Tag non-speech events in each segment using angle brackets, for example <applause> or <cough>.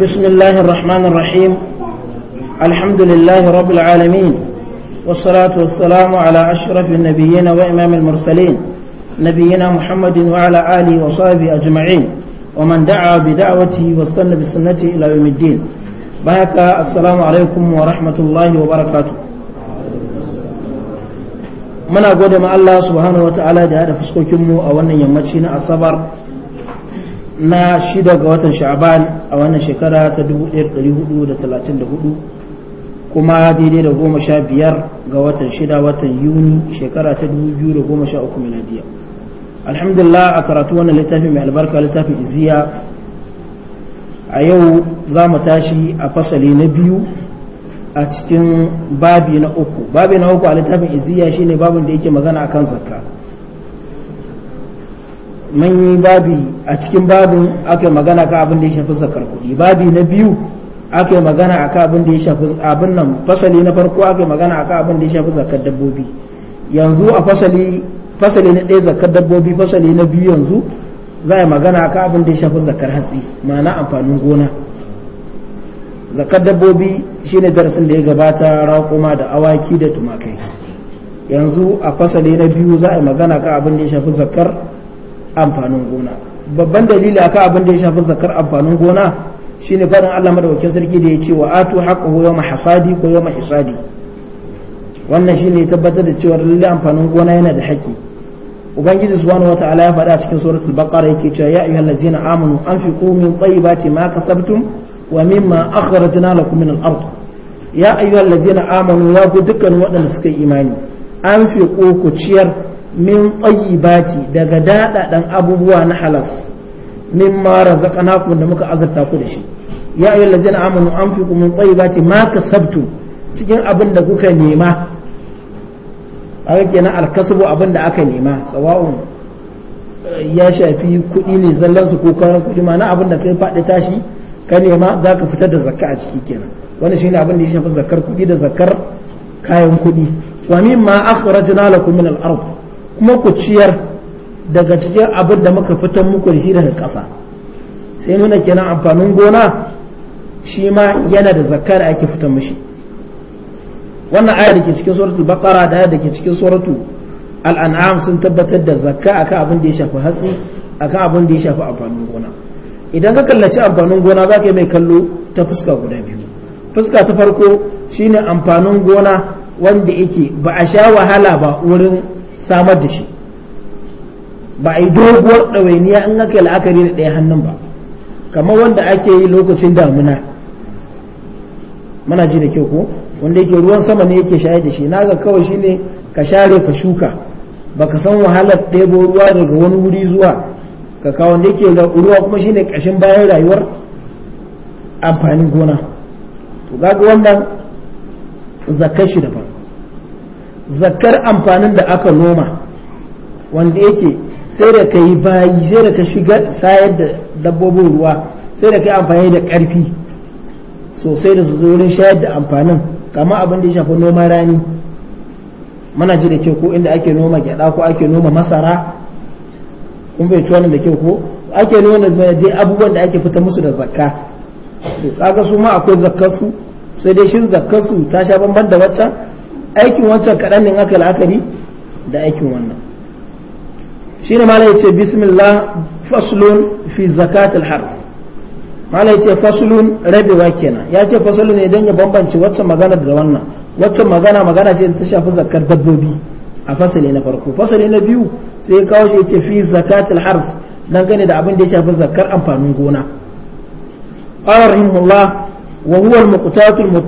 بسم الله الرحمن الرحيم الحمد لله رب العالمين والصلاة والسلام على أشرف النبيين وإمام المرسلين نبينا محمد وعلى آله وصحبه أجمعين ومن دعا بدعوته واستنى بسنته إلى يوم الدين بهك السلام عليكم ورحمة الله وبركاته من أقول ما الله سبحانه وتعالى جاء فسكوكم أولا يمتشين أصبر na shida ga watan sha'aban a wannan shekara ta 1434 kuma daidai da goma sha biyar ga watan shida watan yuni shekara ta 2013 miladiya alhamdulillah a karatu wannan littafin mai albarka littafin iziya a yau za mu tashi a fasali na biyu a cikin babi na uku babi na uku a littafin iziya shine babin da yake magana a kan zakka mun yi babi a cikin babin aka magana ka abin da ya shafi zakar kuɗi babi na biyu aka magana a ka abin da ya shafi abin nan fasali na farko aka magana a ka abin da ya shafi zakar dabbobi yanzu a fasali fasali na ɗaya zakar dabbobi fasali na biyu yanzu za a magana a ka abin da ya shafi zakar hatsi ma'ana amfanin gona zakar dabbobi shine darasin da ya gabata raƙuma da awaki da tumakai yanzu a fasali na biyu za a magana ka abin da ya shafi zakar amfanin gona babban dalili akan abin da ya shafi zakar amfanin gona shine faɗin Allah madaukakin sarki da ya ce wa atu haqqahu yawma hasadi ko yawma hisadi wannan shine tabbatar da cewa lalle amfanin gona yana da haƙƙi ubangiji subhanahu wataala ya faɗa cikin suratul baqara yake cewa ya ayyuhal ladzina amanu anfiqu min tayyibati ma kasabtum wa mimma akhrajna lakum min al-ard ya ayyuhal amanu ya ku dukkan waɗanda suka imani anfiqu ku ciyar min tayyibati daga daɗaɗan abubuwa na halas min mimma ku da muka azurta ku da shi ya ayyul ladina amanu anfiqu min tayyibati ma kasabtu cikin abin da kuka nema aka kenan alkasbu abin da aka nema sawa'un eh, ya shafi kuɗi ne zallan su ko kayan kuɗi ma na abin da kai faɗi tashi ka nema za ka fitar da zakka a ciki kenan wani ne abin da ya shafi zakkar kuɗi da zakkar kayan kuɗi wa mimma akhrajna lakum min al-ardh kuma ku ciyar daga cikin abin da muka fitar muku da shi daga ƙasa sai muna kenan amfanin gona shi ma yana da zakka da ake fitar mashi wannan aya da ke cikin suratul baqara da da ke cikin suratul al'an'am sun tabbatar da zakka akan abin da ya shafi hatsi akan abin da ya shafi amfanin gona idan ka kallaci amfanin gona za ka yi mai kallo ta fuska guda biyu fuska ta farko shine amfanin gona wanda yake ba a sha wahala ba wurin samar da shi ba a yi doguwar ɗawainiya in aka yi la'akari da ɗaya hannun ba kamar wanda ake yi lokacin damuna mana ji da kyau ko wanda yake ruwan sama ne yake shayar da shi na ga kawai shine ka share ka shuka ba ka san wahalar ɗebo ruwa daga wani wuri zuwa ka kawo wanda yake ruwa kuma shi ne ƙashin bayan rayuwar amfanin gona to ga wannan zakashi shi daban zakar amfanin da aka noma wanda yake sai da ka yi bayi sai da ka shiga sayar da dabbobin ruwa sai da ka yi amfani da ƙarfi sosai da wurin shayar da amfanin kama abin da ya shafi noma rani mana ji da ke ko inda ake noma gyada ko ake noma masara kun bai wannan da ke ko ake noma dai abubuwan da ake fita musu da zakka to kaga su ma akwai zakkarsu sai dai shin zakkarsu ta sha bamban da waccan aikin wancan kaɗan ne aka la'akari da aikin wannan shi ne mala yace bismillah faslun fi zakatul harf mala yace faslun rabewa kenan ya ce faslun ne don ya bambance wacce magana da wannan wacce magana magana ce ta shafi zakar dabbobi a fasali na farko fasali na biyu sai ya kawo shi yace fi zakatul harf gane da abin da ya shafi zakar amfanin gona قال رحمه الله وهو المقتات lil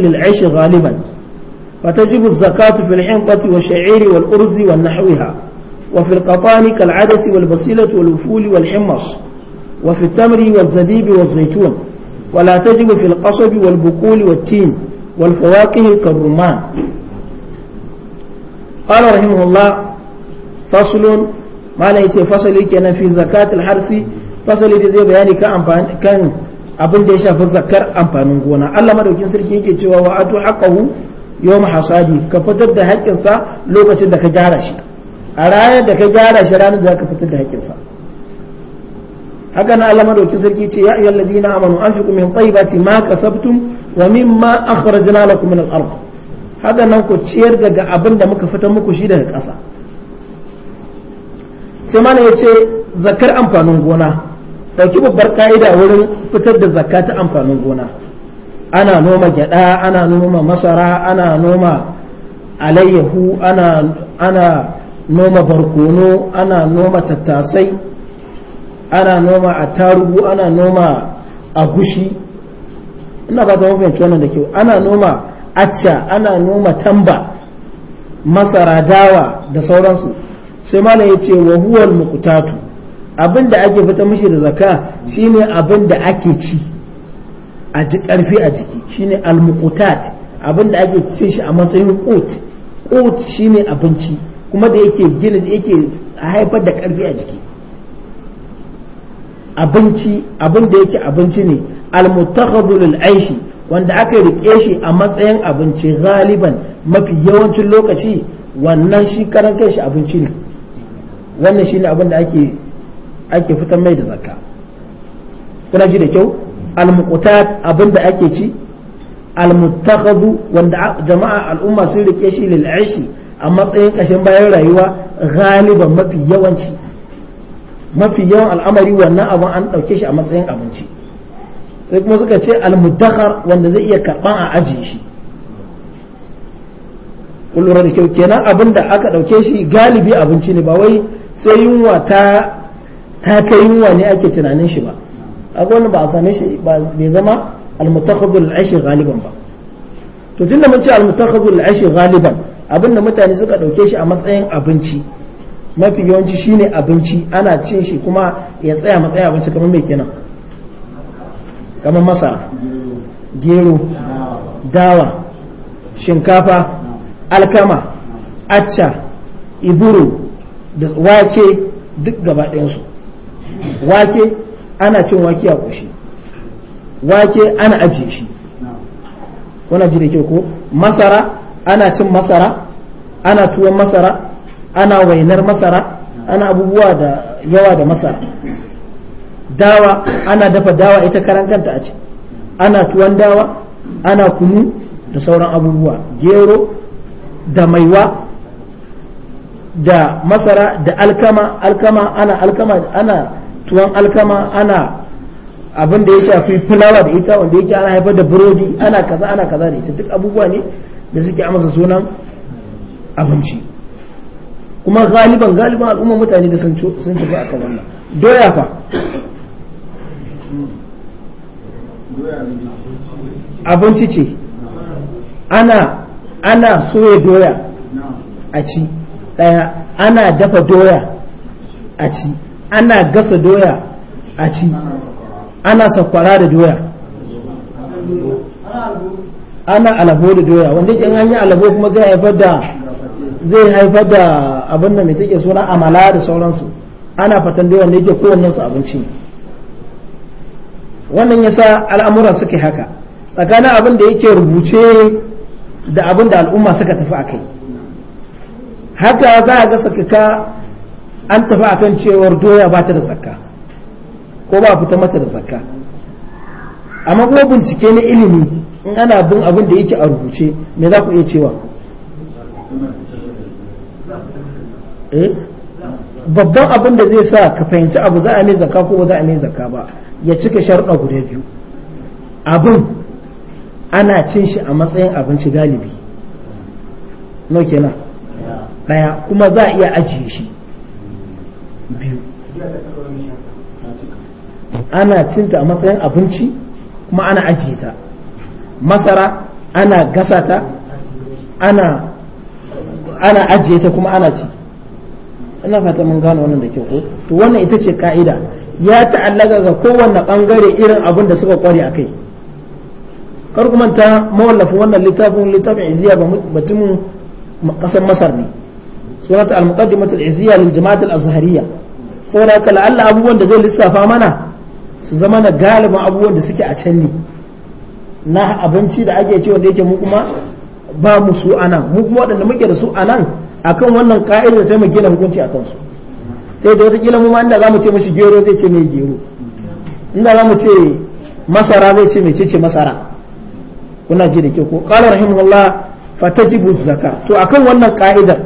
للعيش galiban. فتجب الزكاة في الحنطة والشعير والأرز والنحوها وفي القطان كالعدس والبصيلة والوفول والحمص وفي التمر والزبيب والزيتون ولا تجب في القصب والبقول والتين والفواكه كالرمان قال رحمه الله فصل ما نيتي فصل كان في زكاة الحرث فصل الذي بياني كان abin da ya shafi zakar amfanin gona Allah madaukin sarki yake cewa yawma hasabi ka fitar da haƙƙin lokacin da ka gyara shi a ranar da ka gyara shi ranar da ka fitar da haƙƙin sa haka na Allah madaukin sarki ce ya ayyuhal ladina amanu anfiqu min tayyibati ma kasabtum wa mimma akhrajna lakum min al haka nan ku ciyar daga abin da muka fitar muku shi daga ƙasa sai mana ya ce zakar amfanin gona ɗauki babbar ka'ida wurin fitar da zakka ta amfanin gona ana noma gyada ana noma masara ana noma alayyahu ana ana noma barkono ana noma tattasai ana noma attarugu ana noma agushi ina ba zama fahimci wannan da kyau ana noma acca ana noma tamba masara dawa da sauransu sai malam ya ce wa huwal mukutatu abin da ake fita mishi da zaka shine abin da ake ci a ji karfi a jiki shine almuqutat abin da ake cin shi a matsayin qut qut shine abinci kuma da yake gina da yake haifar da karfi a jiki abinci abin da yake abinci ne al-mutakhadhu lil aishi wanda aka rike shi a matsayin abinci galiban mafi yawancin lokaci wannan shi karan shi abinci ne wannan shine abin da ake ake fitar mai da zakka kuna ji da kyau almukuta abinda ake ci al wanda jama'a al'umma sun rike shi lil aishi a matsayin kashin bayan rayuwa galiban mafi yawanci mafi yawan al'amari wannan abin an dauke shi a matsayin abinci sai kuma suka ce al wanda zai iya karban a ajiye shi kun da kyau kenan abinda aka ɗauke shi galibi abinci ne ba wai sai yunwa ta ta kai yunwa ne ake tunanin shi ba kaga ba a same shi ba bai zama almutakhadul ashi ghaliban ba to tunda mun ce almutakhadul ashi ghaliban abin abinda mutane suka dauke shi a matsayin abinci mafi yawanci shine abinci ana cin shi kuma ya tsaya matsayin abinci kamar mai kenan kamar Masa, gero dawa shinkafa alkama acca iburo da wake duk gaba ɗayansu wake ana cin wake a ƙoshi wake ana ajiye shi kuna ji da kyau ko masara ana cin masara ana tuwon masara ana wainar masara ana abubuwa da yawa da masara dawa ana dafa dawa ita karan kanta a ci ana tuwon dawa ana kunu da sauran abubuwa gero da maiwa da masara da alkama alkama ana alkama ana tuwon alkama ana abin da ya shafi fulawa da ita wanda yake ana haifar da burodi ana kaza ana kaza da ita duk abubuwa ne da suke amsa sunan abinci kuma galiban galiban al'umma mutane da sun tafi a kan wannan doya fa abinci ce ana ana soya doya a ci ana dafa doya a ci ana gasa doya a ci ana sakwara da doya ana alabo da doya wanda in an yi alabo kuma zai haifar da zai haifar da abin da mai take suna amala da sauransu ana fatan doya da yake kowanne su abinci wannan yasa al'amura suke haka tsakanin abin da yake rubuce da abin da al'umma suka tafi a kai haka za a ga sakaka an tafi a kan cewar doya ba ta da zakka ko ba fita mata da zakka amma kuma bincike na ilimi in ana bin abin da yake a rubuce me za ku iya cewa eh? babban abin da zai sa ka fahimci abu za a mai zakka ko ba za a mai zakka ba ya cika sharuɗa guda biyu abin ana cin shi a matsayin abinci galibi no kenan daya kuma za a iya ajiye shi biyu ana cinta a matsayin abinci kuma ana ajiye ta masara ana gasa ta ana ana ajiye ta kuma ana ci ina fata mun gano wannan da kyau ko to wannan ita ce ka'ida ya ta'allaka ga kowanne bangare irin abin da suka kware akai kar kuma ta mawallafa wannan littafin littafin iziya ba mutumin kasar masar ne sunata al al iziya lil jama'at al azhariyah saboda haka la'alla abubuwan da zai lissafa mana su zama na galibin abubuwan da suke a can ne na abinci da ake ce da yake mu kuma ba mu su a nan mu kuma waɗanda muke da su a nan akan wannan ka'idar sai mu gina hukunci a kansu sai da watakila mu ma inda za mu ce mashi gero zai ce mai gero inda za mu ce masara zai ce mai ce masara kuna ji da ke ko qala rahimahullah fatajibu zaka to akan wannan ka'idar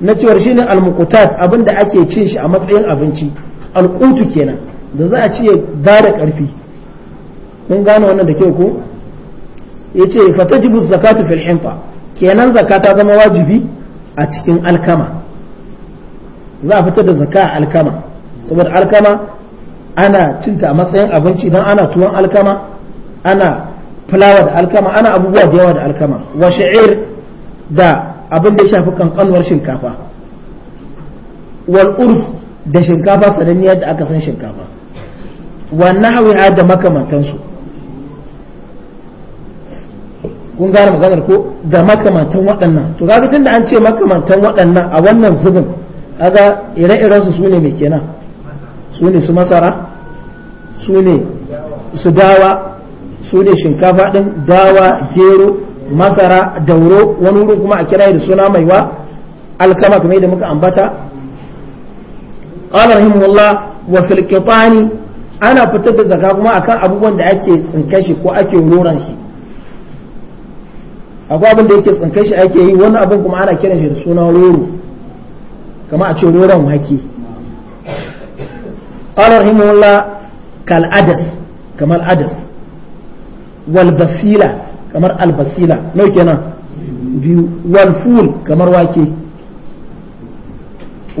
na cewar shine almukutat muqtat abin da ake cin shi a matsayin abinci alƙutu kenan da za a ci ya gara karfi mun gane wannan da kyau ko ya yace fatajibu zakatu fil hinta kenan zakata zama wajibi a cikin alkama za a fitar da zaka alkama saboda alkama ana cinta a matsayin abinci don ana tuwon alkama ana fulawa da alkama ana abubuwa da yawa da alkama wa sha'ir da abin da ya shafi kankanuwar shinkafa wal urs da shinkafa sananniya da aka san shinkafa wannan hawiha da makamantansu kun gane maganar ko da makamantan waɗannan to kaga tunda an ce makamantan waɗannan a wannan zubin kaga ire-iren su sune mai kenan su ne su masara su ne su dawa su ne shinkafa ɗin dawa gero masara dauro wani wurin kuma a kira da suna mai wa alkama kamar yadda muka ambata qala rahimullah wa fil qitani ana fitar da zaka kuma akan abubuwan da ake tsinka shi ko ake roran shi akwai abin da yake tsinka shi ake yi wani abin kuma ana kiran shi da suna roro kamar a ce roran wake qala rahimullah kal adas kamar adas wal basila kamar albasila nau kenan biyu walful kamar wake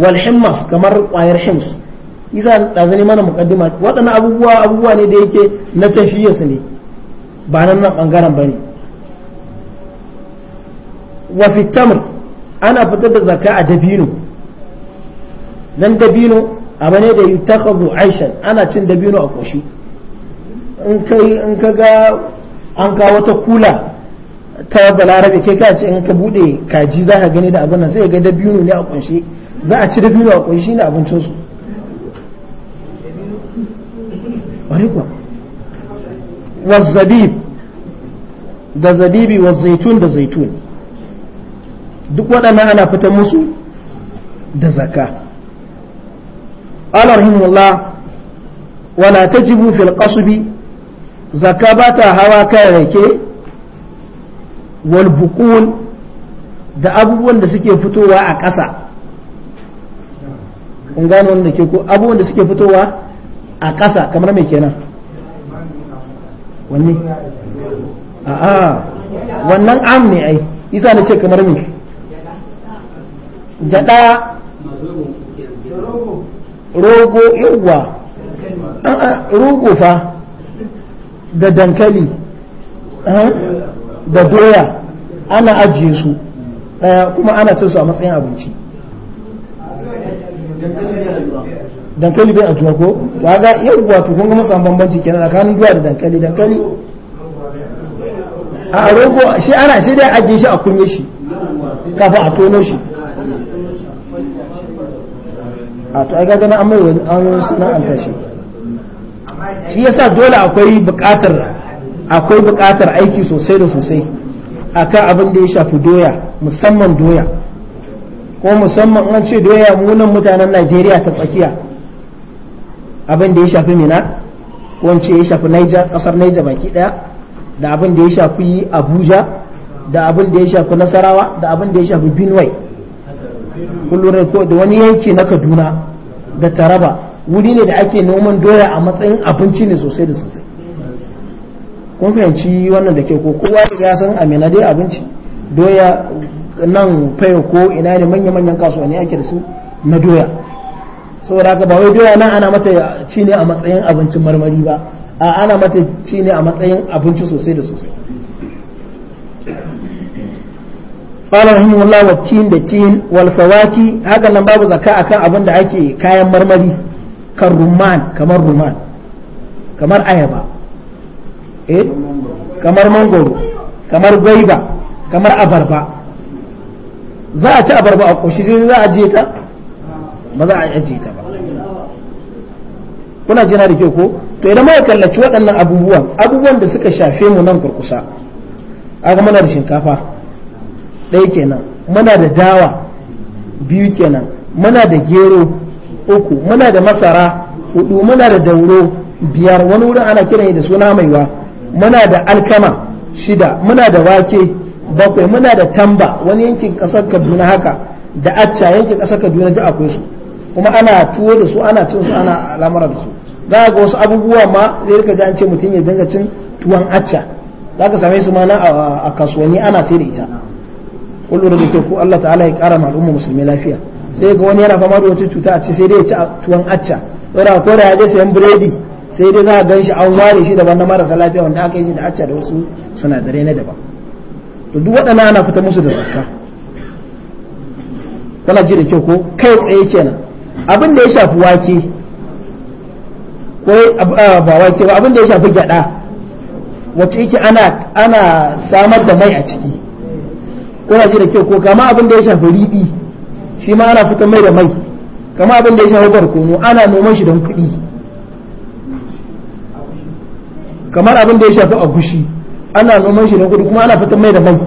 walhimmas kamar kwayar hims isa ɗazani mana mukaddima waɗannan abubuwa abubuwa ne da yake na can shi su ne ba nan nan ɓangaren ba ne wa fitamr ana fitar da zaka a dabino dan dabino abu ne da yutakazu aishan ana cin dabino a koshi in ka ga an kawo wata kula ta balarabe kai ka ce in ka bude kaji za ka gani da abin nan sai ga dabino ne a kunshi za a ci dabino a kunshi shine abincin su wazzabib da zabibi wa zaitun da zaitun duk waɗannan ana fitar musu da zaka rahimu Allah wala tajibu fil qasbi zakka ba ta hawa kan rake walbukun da abubuwan da suke fitowa a ƙasa kun gane wanda ke ko abubuwan da suke fitowa a ƙasa kamar mai kenan wanne a'a wannan am ne ai isa na ce kamar me jada rogo yawwa rogo fa da dankali eh, da doya ana ajiye su eh, kuma ana cin su a matsayin abinci dankali bai ajuwa ko ba ga yau wato kun ga masan bambanci kenan kanun doya da dankali dankali a rogo shi ana shi dai ajiye shi a kunye shi kafin a tono shi a to ai ga gana an mai wani an an tashi shi yasa dole akwai bukatar akwai bukatar aiki sosai da sosai akan abin da ya shafi doya musamman doya ko musamman an ce doya munan mutanen Najeriya ta tsakiya abin da ya shafi Mina ko an ce ya shafi Niger kasar Niger baki daya da abin da ya shafi Abuja da abin da ya shafi Nasarawa da abin da ya shafi Benue kullure ko da wani yanki na Kaduna da Taraba wuri ne da ake noman doya a matsayin abinci ne sosai da sosai kun fahimci wannan da ke ko kowa ya san amina dai abinci doya nan fayo ko ina ne manya-manyan kasuwanni ake da su na doya saboda haka ba wai doya nan ana mata ci ne a matsayin abincin marmari ba a ana mata ci ne a matsayin abinci sosai da sosai قال رحمه الله والتين da tin والفواكه haka nan babu a akan abin da ake kayan marmari kan rumman kamar rumman kamar ayaba eh kamar mangoro kamar gwaiba kamar abarba za a ci abarba a koshi sai za a ajiye ta ba za a ajiye ta ba kuna jira da kyau ko to idan muka kallaci waɗannan abubuwan abubuwan da suka shafe mu nan kurkusa aga muna da shinkafa ɗaya kenan muna da dawa biyu kenan muna da gero uku muna da masara hudu muna da dauro biyar wani wurin ana kiran da suna mai wa muna da alkama shida muna da wake bakwai muna da tamba wani yankin kasar kaduna haka da acca yankin kasar kaduna duk akwai su kuma ana tuwo da su ana cin su ana al'amura da su za ga wasu abubuwa ma zai rika ji an ce mutum ya dinga cin tuwon acca za ka same su ma na a kasuwanni ana sai da ita kullum da ke Allah ta'ala ya kara ma al'umma musulmi lafiya sai ga wani yana fama da wata cuta a ci sai dai ya ci tuwon acca wani ko da ya je sayan biredi sai dai za a gan shi an ware shi daban na marasa lafiya wanda aka yi shi da acca da wasu sinadarai na daban to duk waɗannan ana fita musu da zakka kana ji da kyau ko kai tsaye kenan abin da ya shafi wake ko ba wake ba abin da ya shafi gyada wacce yake ana ana samar da mai a ciki kana ji da kyau ko kama abin da ya shafi riɗi shi ma ana fitar mai da mai kama abin da ya shafi barkono ana noman shi don kuɗi kamar abin da ya shafi agushi ana noman shi don kuɗi kuma ana fitar mai da mai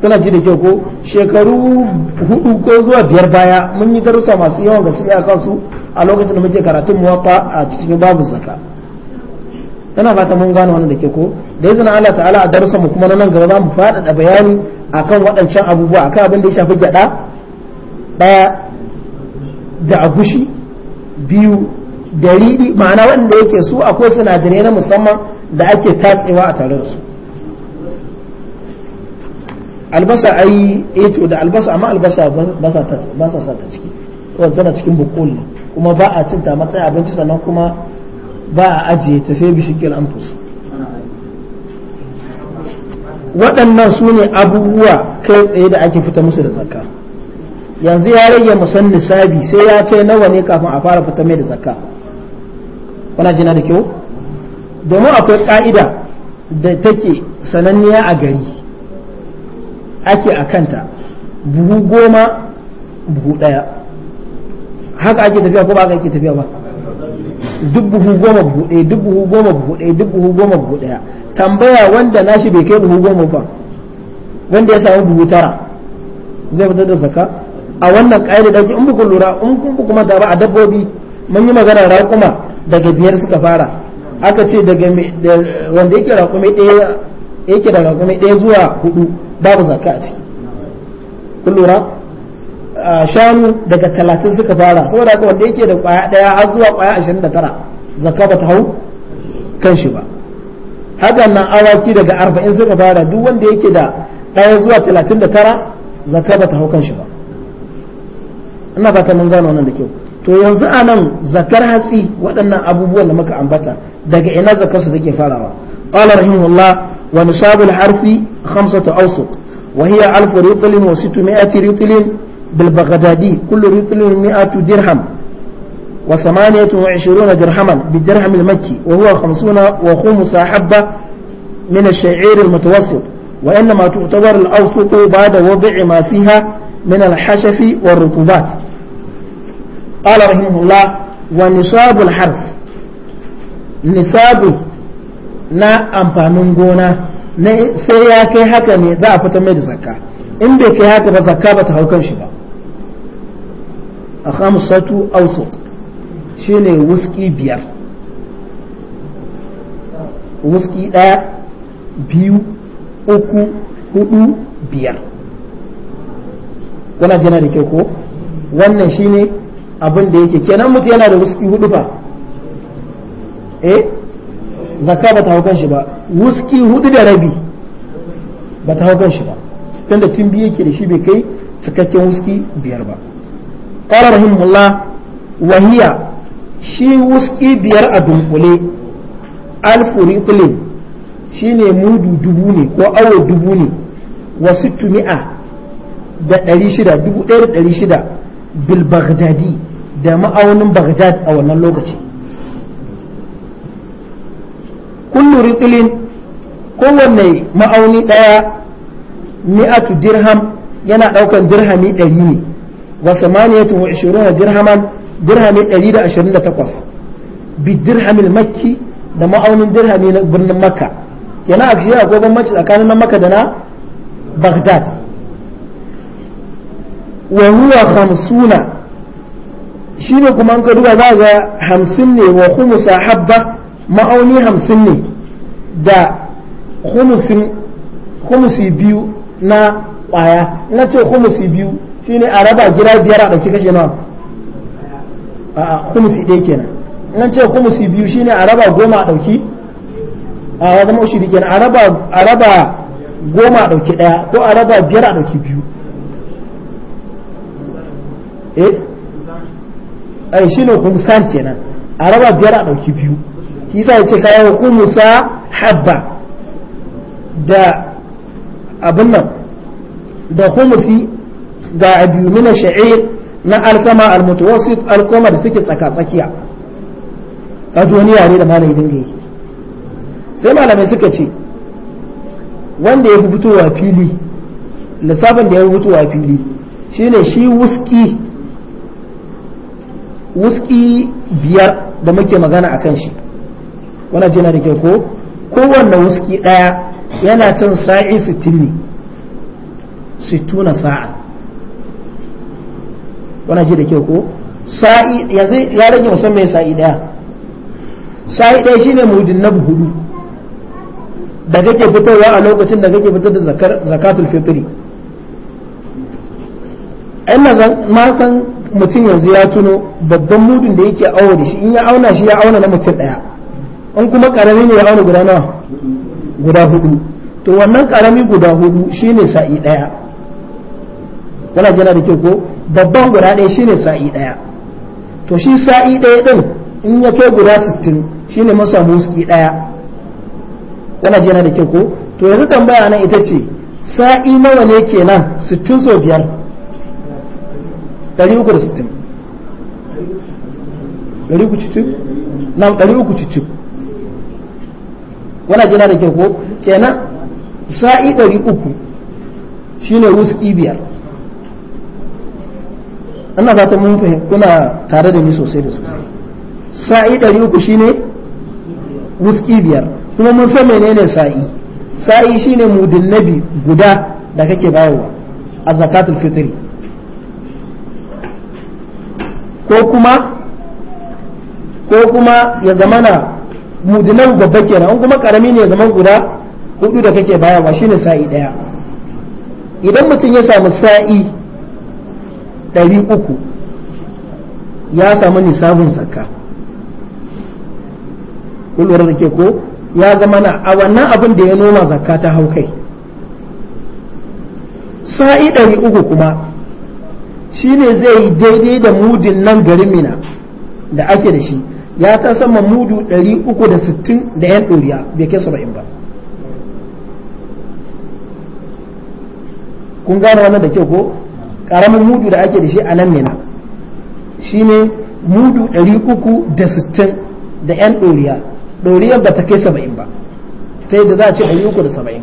tana ji da kyau ko shekaru hudu ko zuwa biyar baya mun yi darussa masu yawan gaske a su a lokacin da muke karatun muwatta a cikin babu zaka tana fata mun gano wannan da ke ko da ya zana Allah ta'ala a darussa mu kuma nan gaba za mu faɗaɗa bayani akan waɗancan abubuwa akan abin da ya shafi gyaɗa ɗaya da agushi biyu da riɗi ma'ana waɗanda yake su akwai sinadarai na musamman da ake tatsewa a tare da su albasa ai eto eh da albasa amma albasa ba sa sa ta ciki wanda tana cikin bukul kuma ba a cinta matsayin abinci sannan kuma ba a ajiye ta sai bishikil amfus waɗannan su ne abubuwa kai tsaye da ake fita musu da zakka yanzu ya rage musan nisabi sai ya kai nawa ne kafin a fara fita mai da zakka kuna jina da kyau domin akwai ka'ida da take sananniya a gari ake a kanta buhu goma buhu ɗaya haka ake tafiya ko ba haka ake tafiya ba duk buhu goma buhu ɗaya duk buhu goma buhu ɗaya duk buhu goma buhu ɗaya tambaya wanda nashi bai kai buhu goma ba wanda ya samu buhu tara zai fitar da zaka a wannan ƙa'ida da in buku lura in buku kuma mata ba a dabbobi mun yi magana raƙuma daga biyar suka fara aka ce daga wanda yake raƙuma ɗaya yake da raƙuma ɗaya zuwa hudu babu zakka a ciki kun lura shanu daga talatin suka fara saboda haka wanda yake da ƙwaya ɗaya har zuwa ƙwaya ashirin da tara zakka ba ta hau kan shi ba hakan nan awaki daga arba'in suka fara duk wanda yake da ɗaya zuwa talatin da tara zakka ba ta hau kan shi ba ina fata mun gano nan da kyau to yanzu a nan zakar hatsi waɗannan abubuwan da muka ambata daga ina zakar su take farawa qala rahimahullah wa nisabul harfi khamsatu awsuq wa hiya alf ritlin wa 600 ritlin bil baghdadi kullu ritlin 100 dirham wa 28 dirhaman bil dirham al makki wa huwa 50 wa khums habba min ash-sha'ir al mutawassit وإنما تعتبر الأوسط بعد وضع ما فيها من الحشف والرطوبات قال رحمه الله nisabu الحرث نصابه نا أمبانون gona sai ya kai haka ne za a fitar mai da zakka in bai kai haka ba zakka ba hau kan shi ba a hamsatu ausu shi ne wuski biyar wuski ɗaya biyu uku hudu biyar kuna jina da kyau ko wannan shine. abin da yake kenan mutu yana da wuski hudu fa eh zakka ba ta hau shi ba wuski hudu da rabi ba ta hau shi ba tunda tun biye yake da shi bai kai cikakken wuski biyar ba qala wa hiya shi wuski biyar a dunkule alfu ritlin shine mudu dubu ne ko awo dubu ne wa sittu mi'a da ɗari shida dubu ɗaya da ɗari shida bil baghdadi da ma'aunin bagdad a wannan lokaci kullu riqlin kowanne ma'auni ɗaya mi'atu dirham yana ɗaukan dirhami ɗari ne wa samaniyatu wa da dirhaman dirhami ɗari da ashirin da takwas bi dirhamin makki da ma'aunin dirhami na birnin makka yana a fiye akwai bambanci tsakanin na makka da na baghdad wa huwa khamsuna shi ne kuma an ka duba za ga hamsin ne wa humusa habba ma'auni hamsin ne da humusi biyu na kwaya na ce humusi biyu shi ne a raba gida biyar a ɗauki kashe nawa a humusi ɗaya kenan na ce humusi biyu shi ne a raba goma a ɗauki a wata maushi kenan a raba goma a ɗauki ɗaya ko a raba biyar a ɗauki biyu eh ai ne khumsan kenan a raba biyar a dauki biyu kisa yace kayan khumsa habba da abin nan da humusi ga biyu mina sha'ir na alkama almutawassit alkama da take tsaka tsakiya ka duniya ne da malai dinga yi sai malamai suka ce wanda ya fi fitowa fili lissafin da ya fi fitowa fili shine shi wuski wuski biyar da muke magana a kan shi wannan jina da kyau ko kowanne wuski ɗaya yana cin sa'i sittin ne na sa'a Wana ji da ke ko sa'i yanzu ya rage musamman sa'i ɗaya sa'i ɗaya shine mudin na hudu da kake fitowa a lokacin da kake fitar da zakatul fitri ina na san mutum yanzu ya tuno babban mudun da yake auna da shi in ya auna shi ya auna na mutum daya in kuma karami ne ya auna guda nawa guda hudu to wannan karami guda hudu shine sa'i daya wala jana da kyau ko babban guda daya shine sa'i daya to shi sa'i daya din in ya kai guda shi ne masa muski daya wala jana da kyau ko to yanzu tambaya nan ita ce sa'i nawa ne kenan sittin sau biyar 360 360 na jina da ke ko kenan sa'i 300 shine ruski biyar ana fata mun fahim kuna tare da ni sosai da sosai sa'i 300 shine ruski biyar kuma mun san menene sa'i sa'i shine mudin nabi guda da kake bayarwa a zakatul fitri ko kuma ko kuma ya zamana mudinan babba kenan in kuma karami ne ya zama guda hudu da kake bayawa shine sa'i daya idan mutum ya samu sa'i ɗari uku ya samu nisabin zakka kulwar da ke ko ya zama na a wannan abin da ya noma zakka ta haukai sa'i ɗari uku kuma shine zai yi daidai da mudin nan garin mina da ake da shi ya ta sama mudu 360 da yan ɗoriya bai kai saba'in ba kun gane wannan da kyau ko ƙaramin mudu da ake da shi a nan mina shine mudu 360 da yan ɗoriya ɗoriyar ba ta kai saba'in ba ta da za a ce 370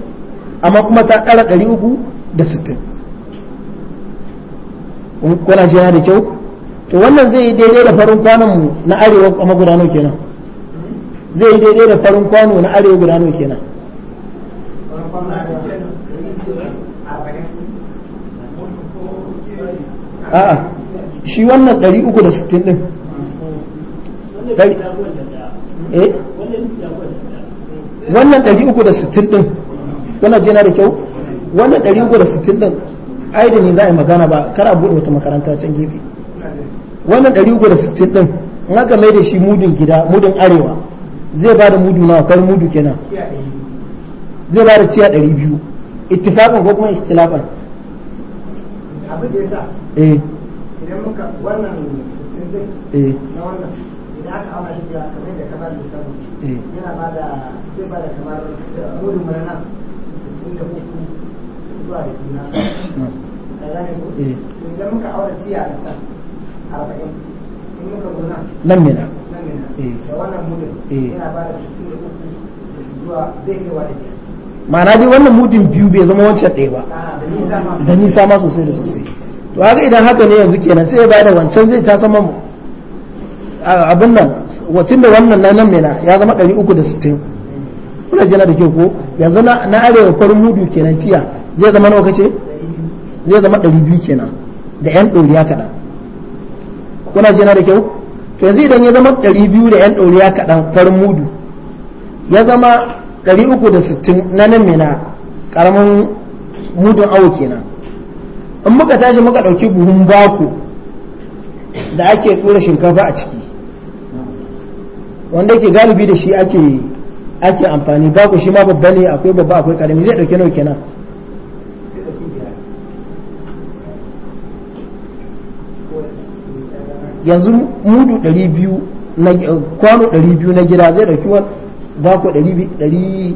amma kuma ta ɗara 360 kuna shi da kyau to wannan zai yi daidai da farin kwanon na arewa kuma gudano kenan zai yi daidai da farin kwano na arewa gudano kenan a'a shi wannan 360 din eh? wannan 360 din wannan jina da kyau wannan 360 din ai da ni za a yi magana ba kar a buɗe wata makaranta can gefe wannan ɗari uku da sittin ɗin in aka mai da shi mudun gida mudun arewa zai ba da mudu nawa kar mudu kenan zai ba da tiya ɗari biyu ittifaqan ko kuma ikhtilafan abin da yasa eh idan muka wannan eh na wannan kamar da da eh. yana ba da zai ba da kamar eh, mudun mana 63 zuwa da juna eh. idan muka aure tiya a arba'in in muka zo nan nan mina nan mina eh. da wannan mudin yana eh. ba da da uku zuwa zai kai ma'ana dai wannan mudin biyu bai zama wancan ɗaya ba da nisa ma sosai da sosai to haka idan haka ne yanzu kenan sai ya bada wancan zai ta sama abin nan watin da wannan na nan mena ya zama ɗari uku da sittin. kuna jina da kyau ko yanzu na arewa farin mudu kenan tiya zai zama nawa kace zai zama ɗari biyu kenan da yan ɗoriya kaɗan kuna jina da kyau to yanzu idan ya zama ɗari biyu da yan ɗoriya kaɗan farin mudu ya zama ɗari uku da sittin na nan mina ƙaramin mudun awo kenan in muka tashi muka dauki buhun baku da ake ɗora shinkafa a ciki wanda ke galibi da shi ake ake amfani baku shi ma babba ne akwai babba akwai ƙarami zai ɗauke nawa kenan yanzu mudu 200 kwano 200 na gida zai dauki wani bako 100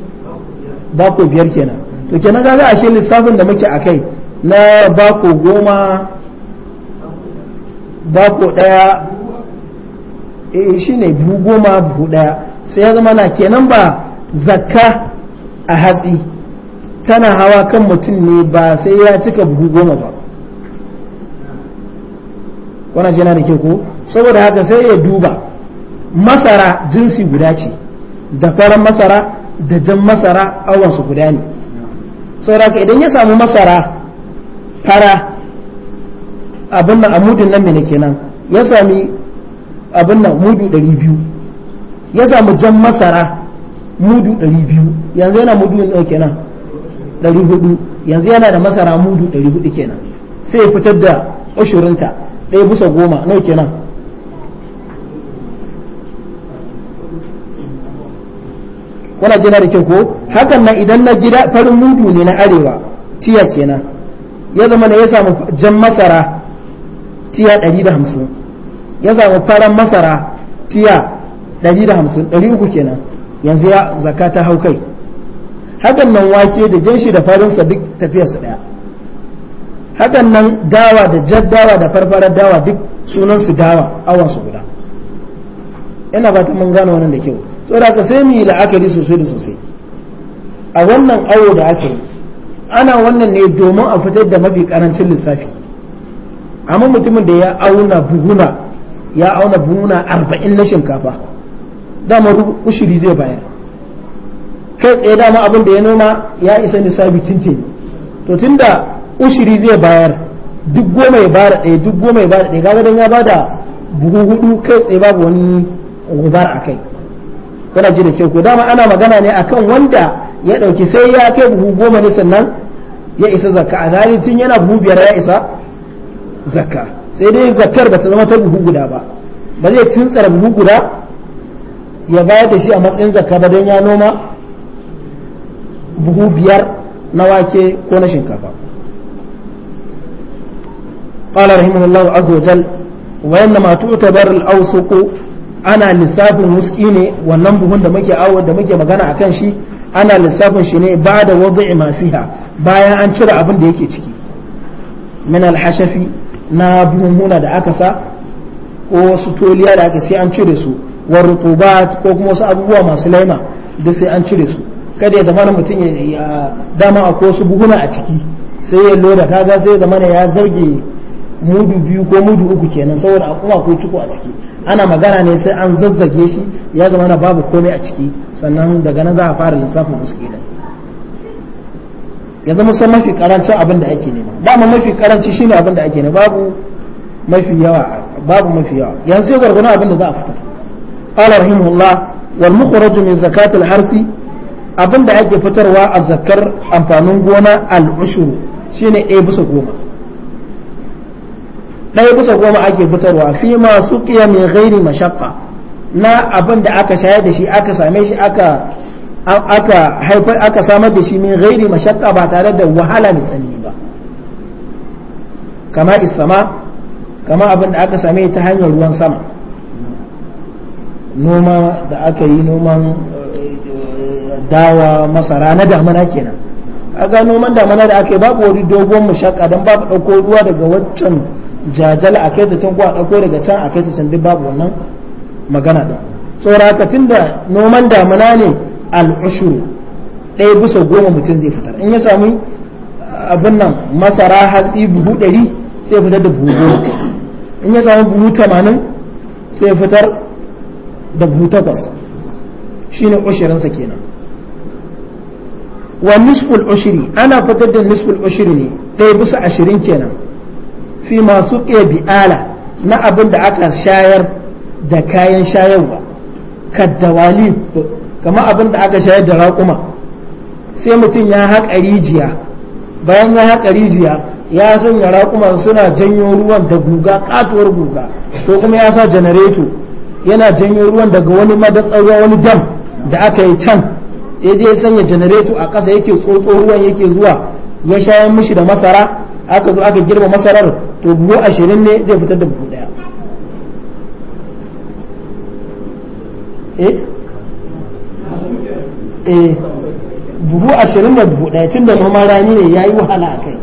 bako biyar kenan to kenan ga shi lissafin da muke akai na bako goma bako daya eh shine buhu goma buhu daya sai ya zama na kenan ba zakka a hatsi tana hawa kan mutum ne ba sai ya cika buhu goma ba wannan jina da ke ko saboda haka sai ya duba masara jinsi guda ce da faran masara da jan masara awon su guda ne saboda haka idan ya samu masara fara abin a amudin nan mene kenan ya sami abin nan mudu 200 ya samu jan masara mudu 200 yanzu yana mudu nawa kenan 400 yanzu yana da masara mudu 400 kenan sai ya fitar da ushurinta ɗaya bisa goma nawa kenan kuna jina da kyau ko hakan nan idan na gida farin mudu ne na arewa tiya kenan ya zama da ya samu jan masara tiya 150 ya samu farin masara tiya 350 kenan yanzu ya zakata hau kai hakan nan wake da jan shi da farinsa duk tafiyarsa ɗaya. hakan nan dawa da jaddawa da farfarar dawa duk sunan su dawa awon su guda ina ba ta mun gane wannan da kyau da ka sai mu yi la'akari sosai da sosai a wannan awo da aka yi ana wannan ne domin a fitar da mafi karancin lissafi amma mutumin da ya auna buhuna ya auna buhuna arba'in na shinkafa dama ushiri zai bayar kai tsaye dama abin da ya noma ya isa lissafi tintin to tunda ushiri zai bayar duk goma ya bada ɗaya duk goma ya bada ɗaya kaga dan ya bada buhu hudu kai tsaye babu wani gubar a kai kana ji da kyau ko dama ana magana ne akan wanda ya ɗauki sai ya kai buhu goma ne sannan ya isa zakka a tun yana buhu biyar ya isa zakka sai dai zakkar ba ta zama ta buhu guda ba ba zai tuntsara buhu guda ya bayar da shi a matsayin zakka ba don ya noma buhu biyar na wake ko na shinkafa قال رحمه الله عز وجل وإنما تعتبر ana lissafin wuski ne wannan buhun da muke da muke magana akan shi ana lissafin shi ne ba da wadda bayan an cire abin da yake ciki min alhashafi na buhunhuna da aka sa ko wasu toliya da aka sai an cire su wa rutubat ko kuma wasu abubuwa masu laima da sai an cire su kada ya zama mutum ya dama akwai wasu buhuna a ciki sai ya loda kaga sai ya zama ya zarge mudu biyu ko mudu uku kenan saboda a ko akwai ciko a ciki ana magana ne sai an zazzage shi ya zama na babu komai a ciki sannan daga nan za a fara lissafin muskila ya zama sai mafi karancin abin da ake nema dama mafi karanci shine abin da ake nema babu mafi yawa babu mafi yawa yanzu sai gargana abin da za a fitar qala rahimullah wal mukhraj min zakat al harfi abin da ake fitarwa a zakar amfanin gona al ushur shine 1 bisa goma ɗaya bisa goma ake fitarwa fi masu ƙiya mai gairi mashakka na abin da aka shayar da shi aka same shi aka aka haifar aka samar da shi min gairi mashakka ba tare da wahala mai tsanani ba kama isama kama abin da aka same ta hanyar ruwan sama noma da aka yi noman eh, dawa masara na damana kenan ga noman damana da aka yi babu wani dogon mashakka don babu ɗauko ruwa daga waccan jajal a kai ta can ko a ɗauko daga can a kai ta can duk babu wannan magana ɗin tsoraka da noman damuna ne al'ushuru ɗaya bisa goma mutum zai fitar in ya samu uh, abin nan masara hatsi buhu ɗari sai fitar da buhu goma in ya samu buhu tamanin sai fitar da buhu takwas shine ushirinsa kenan wa nisful ushiri ana fitar da nisful ushiri ne ɗaya bisa ashirin kenan fi masu bi'ala na abin da aka shayar da kayan shayarwa kaddawali kamar abin da aka shayar da raƙuma sai mutum ya haƙa rijiya bayan ya haƙa rijiya ya sanya raƙuma suna janyo ruwan da guga katuwar guga ko kuma ya sa janareto yana janyo ruwan daga wani madatsarwa wani dam da aka yi can ya je ya sanya janareto a ƙasa yake tsotso ruwan yake zuwa ya shayar mishi da masara aka zo aka girma masarar to buhu ashirin ne zai fitar da buhu daya eh? eh buhu ashirin da buhu daya tun da noman rani ne ya yi wahala a kai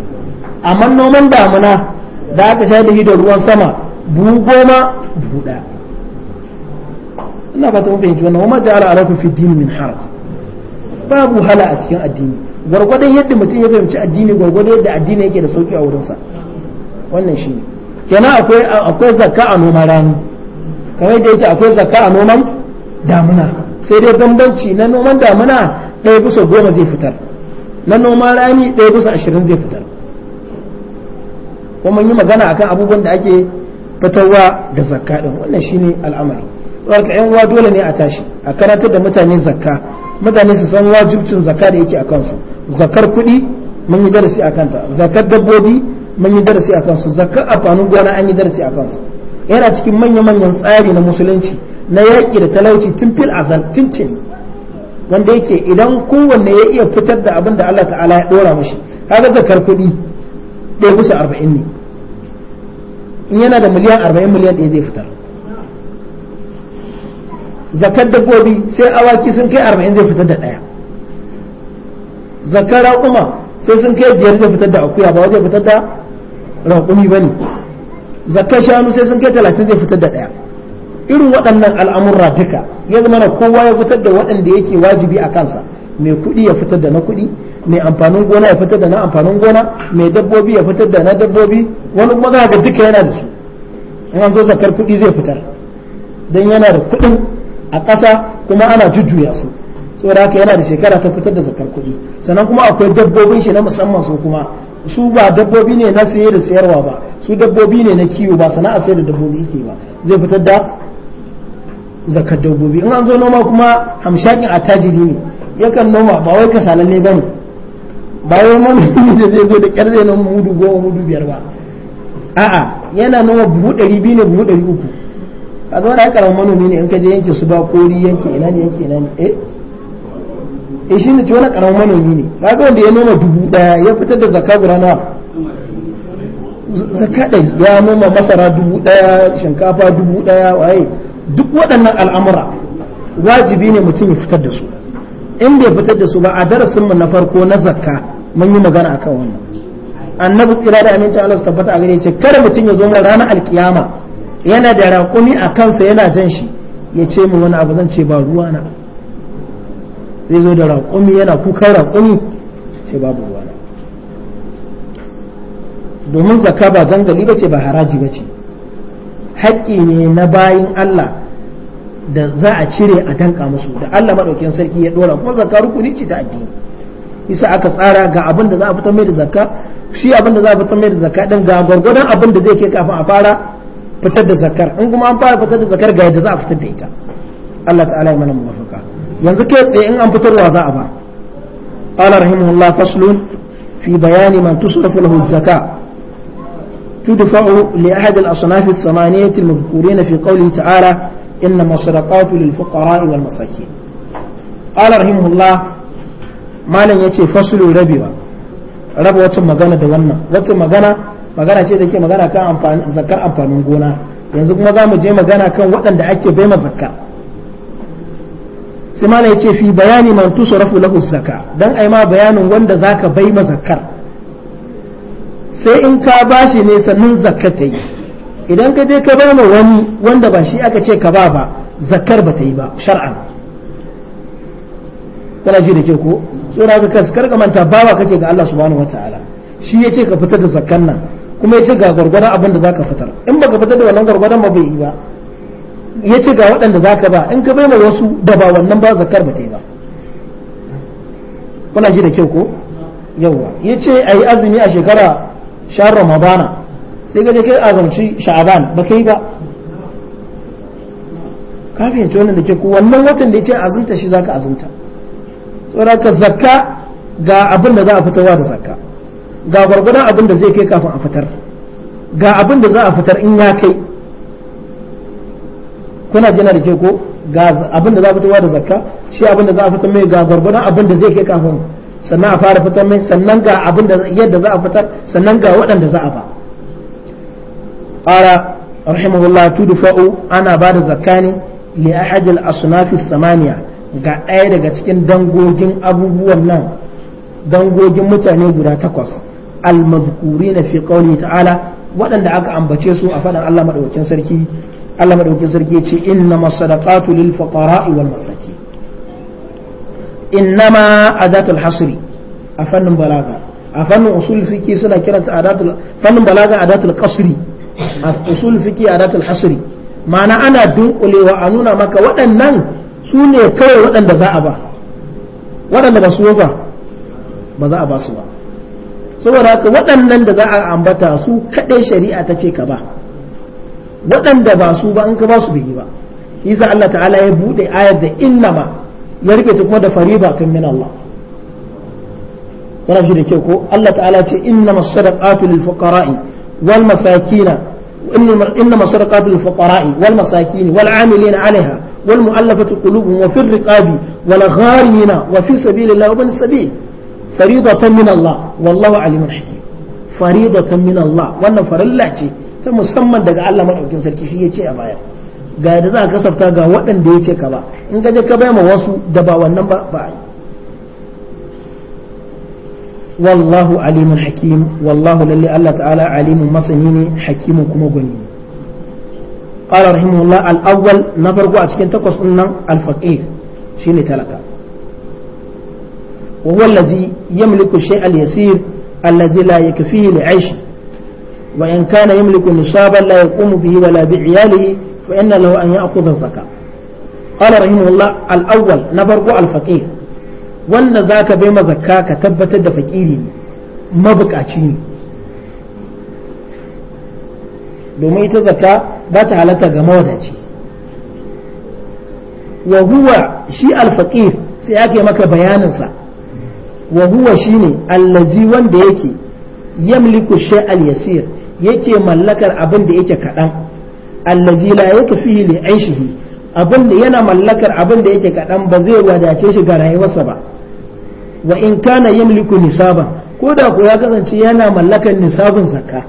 amma noman damuna da aka sha da da ruwan sama buhu goma buhu daya ina ba ta mafi yanki wannan wa ma ja'ala alaikum fi dini min haraj babu hala a cikin addini gwargwadon yadda mutum ya fahimci addini gwargwadon yadda addini yake da sauki a wurinsa wannan shi ne kenan akwai akwai zakka a noman rani kamar da yake akwai zakka a noman damuna sai dai bambanci na noman damuna ɗaya bisa goma zai fitar na noman rani ɗaya bisa ashirin zai fitar kuma yi magana akan abubuwan da ake fitarwa da zakka ɗin wannan shi ne al'amari saboda yan uwa dole ne a tashi a karantar da mutane zakka mutane su san wajibcin zakka da yake a kansu zakar kuɗi mun yi darasi a kanta zakar dabbobi mun yi darasi a kansu zakar amfanin gona an yi darasi a kansu yana cikin manya-manyan tsari na musulunci na yaƙi da talauci tun fil azal tintin wanda yake idan kowanne ya iya fitar da abin da Allah ta'ala ya ɗora mashi kaga zakar kuɗi ɗaya bisa arba'in ne in yana da miliyan arba'in miliyan ɗaya zai fitar zakar dabbobi sai awaki sun kai arba'in zai fitar da ɗaya zakar raƙuma sai sun kai biyar zai fitar da akuya ba wajen fitar da raƙumi ba ne zakar shanu sai sun kai talatin zai fitar da ɗaya irin waɗannan al'amurra duka ya zama na kowa ya fitar da waɗanda yake wajibi a kansa mai kuɗi ya fitar da na kuɗi mai amfanin gona ya fitar da na amfanin gona mai dabbobi ya fitar da na dabbobi wani kuma za ga duka yana da su in an zo zakar kuɗi zai fitar don yana da kuɗin a ƙasa kuma ana jujjuya su saboda haka yana da shekara ta fitar da zakar kuɗi sannan kuma akwai dabbobin shi na musamman su kuma su ba dabbobi ne na saye da sayarwa ba su dabbobi ne na kiwo ba sana'a sai da dabbobi yake ba zai fitar da zakar dabbobi in an zo noma kuma hamshakin attajiri ne yakan noma ba wai ka ba ne ba wai manomi da zai zo da kyar zai noma mudu goma mudu biyar ba a'a yana noma buhu ɗari biyu ne buhu ɗari uku da wani karamin manomi ne in ka je yanke su ba kori yanke ina ne yanke ina ne eh eh shi ne wani karamin manomi ne kaga wanda ya noma dubu daya ya fitar da zakka guda na zakka ɗai ya noma masara dubu daya shinkafa dubu daya waye duk waɗannan al'amura wajibi ne mutum ya fitar da su in bai fitar da su ba a darasin mu na farko na zakka mun yi magana akan wannan annabi tsira da aminci Allah su tabbata a gare ce kada mutum ya zo mana ranar alkiyama yana da raƙumi a kansa yana jan shi ya ce mu wani abu zan ce ba ruwa na zai zo da raƙumi yana kukan raƙumi ce babu ruwa na domin zaka ba zangali ba ce ba haraji ba ce haƙƙi ne na bayin Allah da za a cire a danka musu da Allah maɗaukin sarki ya ɗora kuma zakka rukuni ce ta addini isa aka tsara ga abin da za a fitar mai da zakka shi abin da za a fitar mai da zakka ɗin ga gwargwadon abin da zai ke kafin a fara fitar da zakkar in kuma an fara fitar da zakkar ga yadda za a fitar da ita Allah ta'ala ya mana mafuka yanzu kai tsaye in an fitarwa za a ba qala rahimahullah faslun fi bayani man tusrafu lahu zakah تدفع لأحد الأصناف الثمانية المذكورين في قوله تعالى إنما الصدقات للفقراء والمساكين قال رحمه الله ما لن يتي فصل ربيوا رب wata magana da wannan wata magana magana ce da ke magana kan zakar amfanin gona yanzu kuma za mu je magana kan waɗanda ake bai zakka sai mana yace fi bayani man tusrafu lahu zakka dan ai ma bayanin wanda zaka bai ma zakkar sai in ka bashi ne sannan zakar ta yi idan ka je ka bai ma wani wanda ba shi aka ce ka ba ba zakkar ba ta yi ba shar'an kana ji da ke ko tsora ka kaskar ka manta bawa kake ga Allah subhanahu wataala shi yace ka fitar da zakkan nan kuma yace ga gwargwadon abin da zaka fitar in baka fitar da wannan gwargwadon ba bai yi ba ya ce ga waɗanda za ka ba in ka bai wasu da ba wannan ba zakar ba ta yi ba kuna ji da kyau ko yawa ya ce a yi azumi a shekara shan ramadana sai ka je kai azumci sha'aban ba kai ba ka fahimci wannan da ke ko wannan watan da ya ce azumta shi za ka azumta saboda ka zakka ga abin da za a fitarwa da zakka ga gwargwadon abin da zai kai kafin a fitar ga abin da za a fitar in ya kai kuna jina da ke ko ga abin da za a fitowa da zakka shi abin da za a fitar mai ga gwargwadon abin da zai kai kafin sannan a fara fitar mai sannan ga abin da yadda za a fitar sannan ga waɗanda za a ba qala rahimahullah tudfa'u ana ba da zakka ne li ahad al asnaf ga ɗaya daga cikin dangogin abubuwan nan dangogin mutane guda takwas al mazkurina fi qawli ta'ala waɗanda aka ambace su a faɗin Allah madaukakin sarki Allah madaukakin sarki ya ce innama sadaqatu lil fuqara'i wal masakin innama adatul hasri a fannin balaga a fannin usul fiqi suna kiranta adatul fannin balaga adatul qasri a usul fiqi adatul hasri ma'ana ana dunkulewa a nuna maka waɗannan su ne kawai waɗanda za a ba waɗanda ba su ba ba za a ba su ba saboda haka waɗannan da za a ambata su kaɗai shari'a ta ce ka ba waɗanda ba su ba in ka ba su bai yi ba isa Allah ta'ala ya buɗe ayar da innama ya rufe ta kuma da fariba tun min Allah wannan shi da ke ko Allah ta'ala ce innama sadaqatu lil fuqara'i wal masakina innama sadaqatu lil fuqara'i wal masakini wal 'amilina 'alaiha wal mu'allafati qulubuhum wa fi riqabi wal gharimina wa fi sabilillahi wa bin sabil faridatan min Allah wallahu alimun hakim faridatan min Allah wannan farilla ce ta musamman daga Allah maɗaukin sarki shi ya ce a baya ga yadda za a kasafta ga waɗanda ya ce ka ba in ka je ka bai ma wasu da ba wannan ba ba a yi wallahu alimun wallahu lalle Allah ta'ala alimun masani ne hakimun kuma gwani ne ƙara rahimullah al'awwal na farko a cikin takwas ɗin nan alfaƙir shi ne talaka wa wallazi yamliku shay al-yasir alladhi la yakfihi li وإن كان يملك نصابا لا يقوم به ولا بعياله فإن له أن يأخذ الزكاة قال رحمه الله الأول نبرق الفقير وأن ذاك بما زكاك تبت فقيري ما بكاتشيني domin ita zaka ba ta halatta ga mawadaci wa huwa shi alfaqir sai ake maka bayaninsa wa huwa shine allazi wanda yake yamliku shay'al yasir yake mallakar abin da yake kaɗan allazi la yake fihi li aishihi abin da yana mallakar abin da yake kaɗan ba zai wadace shi ga rayuwarsa ba wa in kana yamliku nisaban ko da ko ya kasance yana mallakar nisabin zakka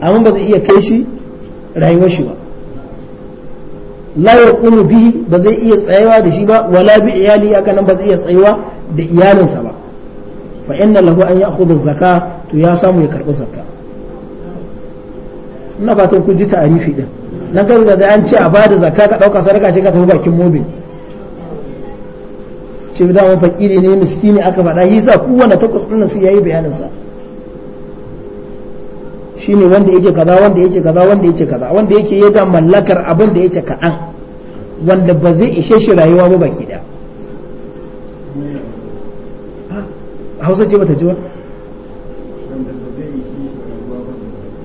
amma ba zai iya kai shi rayuwar shi ba la yaqumu bihi ba zai iya tsayawa da shi ba wala bi iyali haka nan ba zai iya tsayawa da iyalinsa ba fa inna lahu an ya'khudha zakka to ya samu ya karbi zakka ina fatan kun ji ta'arifi din na ga da an ce a bada zakka ka dauka sadaka ce ka tafi bakin mobil ce da wani fakiri ne miskini aka faɗa shi sa kowanne takwas ɗin sai yayi bayanin sa shine wanda yake kaza wanda yake kaza wanda yake kaza wanda yake yada mallakar abin da yake kaɗan wanda ba zai ishe shi rayuwa ba baki da hausa ce bata ji ba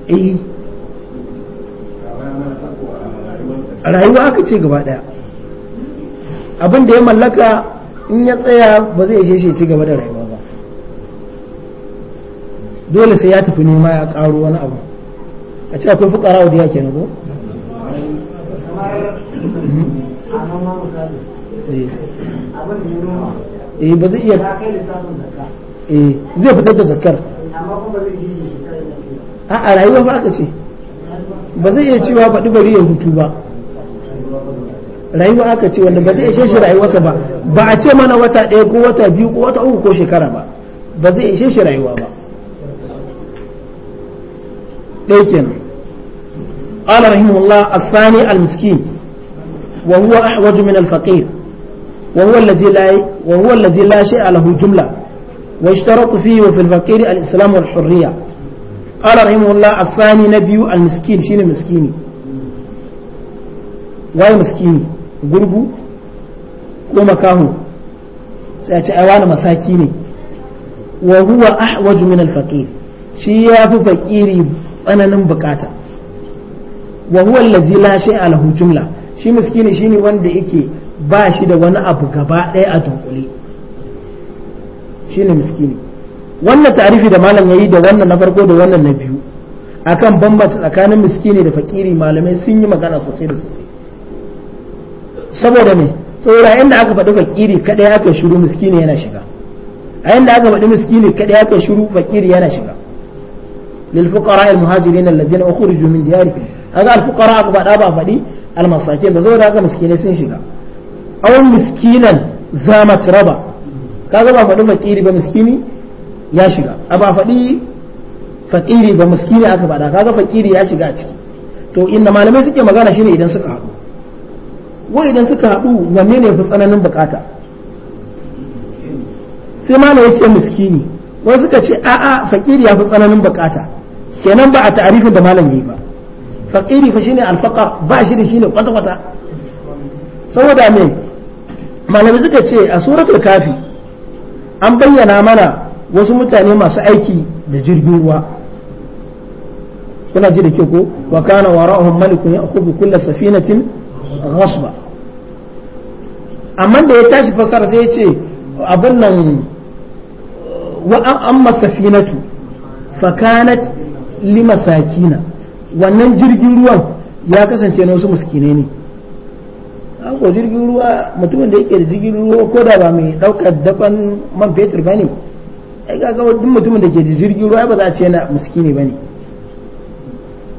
eh rayuwa aka ce gaba daya abin da ya mallaka in ya tsaya ba zai ishe shi ci gaba da rayuwa ba dole sai ya tafi nema ya karo wani abu a ce akwai fukara da yake ke ko hmm? eh ba zai iya eh zai fitar da zakar a a rayuwa ba aka ce ba zai iya cewa baɗi bari ya hutu ba rayuwa aka ce wanda ba zai ishe shi rayuwarsa ba ba a ce mana wata ɗaya ko wata biyu ko wata uku ko shekara ba ba zai ishe shi rayuwa ba ɗaya ke nan ƙala rahimullah asani al-miskin wa huwa ahwaju min al-faqir wa huwa alladhi la wa huwa alladhi la shay'a lahu al-islam wal hurriya ƙala rahimullah asani nabiyu al-miskin shine miskini waye miskini gurgu ko makahu sai a ce ai wani masaki ne wa huwa ahwaju min al-faqir shi ya fi fakiri tsananin bukata wa huwa allazi la shay'a lahu jumla shi miskini shine wanda yake ba shi da wani abu gaba ɗaya a dunkule shine miskini wannan tarifi da malam yayi da wannan na farko da wannan na biyu akan bambanta tsakanin miskini da fakiri malamai sun yi magana sosai da sosai saboda me saboda yanda aka faɗi fakiri kadai aka shiru miskini yana shiga a yanda aka faɗi miskini kadai aka shiru fakiri yana shiga lil fuqara al muhajirin alladhina ukhriju min diyarihim kaga al fuqara aka faɗa ba faɗi al masakin ba saboda aka miskinai sun shiga aw miskinan za matraba kaga ba faɗi fakiri ba miskini ya shiga a ba faɗi fakiri ba miskini aka faɗa kaga fakiri ya shiga a ciki to inda malamai suke magana shine idan suka haɗu wa idan suka haɗu wanne ne fi tsananin bukata sai malam ya ce miskini wai suka ce a'a fakiri ya fi tsananin bukata kenan ba a ta'arifin da malam yi ba fakiri fa shine alfaka ba shi da shine kwata kwata saboda me malami suka ce a suratul kafi an bayyana mana wasu mutane masu aiki da jirgin ruwa kuna ji da ke ko wa kana wara'uhum malikun ya'khudhu kull safinatin ghasba amma da ya tashi fasara sai ya ce abin nan wa amma safinatu fakanat limasakina wannan jirgin ruwan ya kasance na wasu muskine. ne ko jirgin ruwa mutumin da yake da jirgin ruwa ko da ba mai daukar daban man fetur ba ne ai ga duk mutumin da ke da jirgin ruwa ba za a ce yana muskini ba ne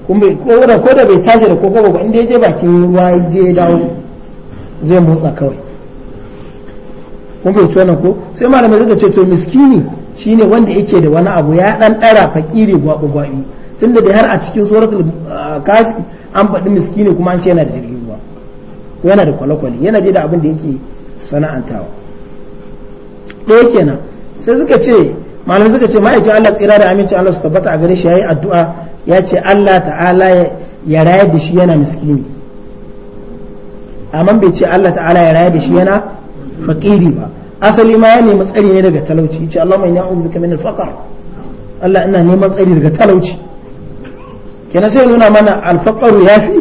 kuma ko da bai tashi da koko ba inda ya je bakin ruwa je dawo zai motsa kawai kun bai tona ko sai malamai suka ce to miskini shine wanda yake da wani abu ya dan dara fakiri gwabu gwabi tunda da har a cikin suratul ah, kafi an faɗi miskini kuma an ce yana da jirgin ruwa yana da kwale-kwale yana je da abin da yake sana'antawa ɗaya kenan sai suka ce malamai suka ce ma'aikin Allah tsira da aminci Allah su tabbata a gare shi yayi addu'a ya ce Allah ta'ala ya raya da shi yana miskini amma bai ce Allah ta'ala ya raya da shi yana faƙiri ba asali ma ya nemi tsari ne daga talauci ce Allah mai na'udhu bika min al Allah ina neman tsari daga talauci kenan sai nuna mana alfakaru ya fi?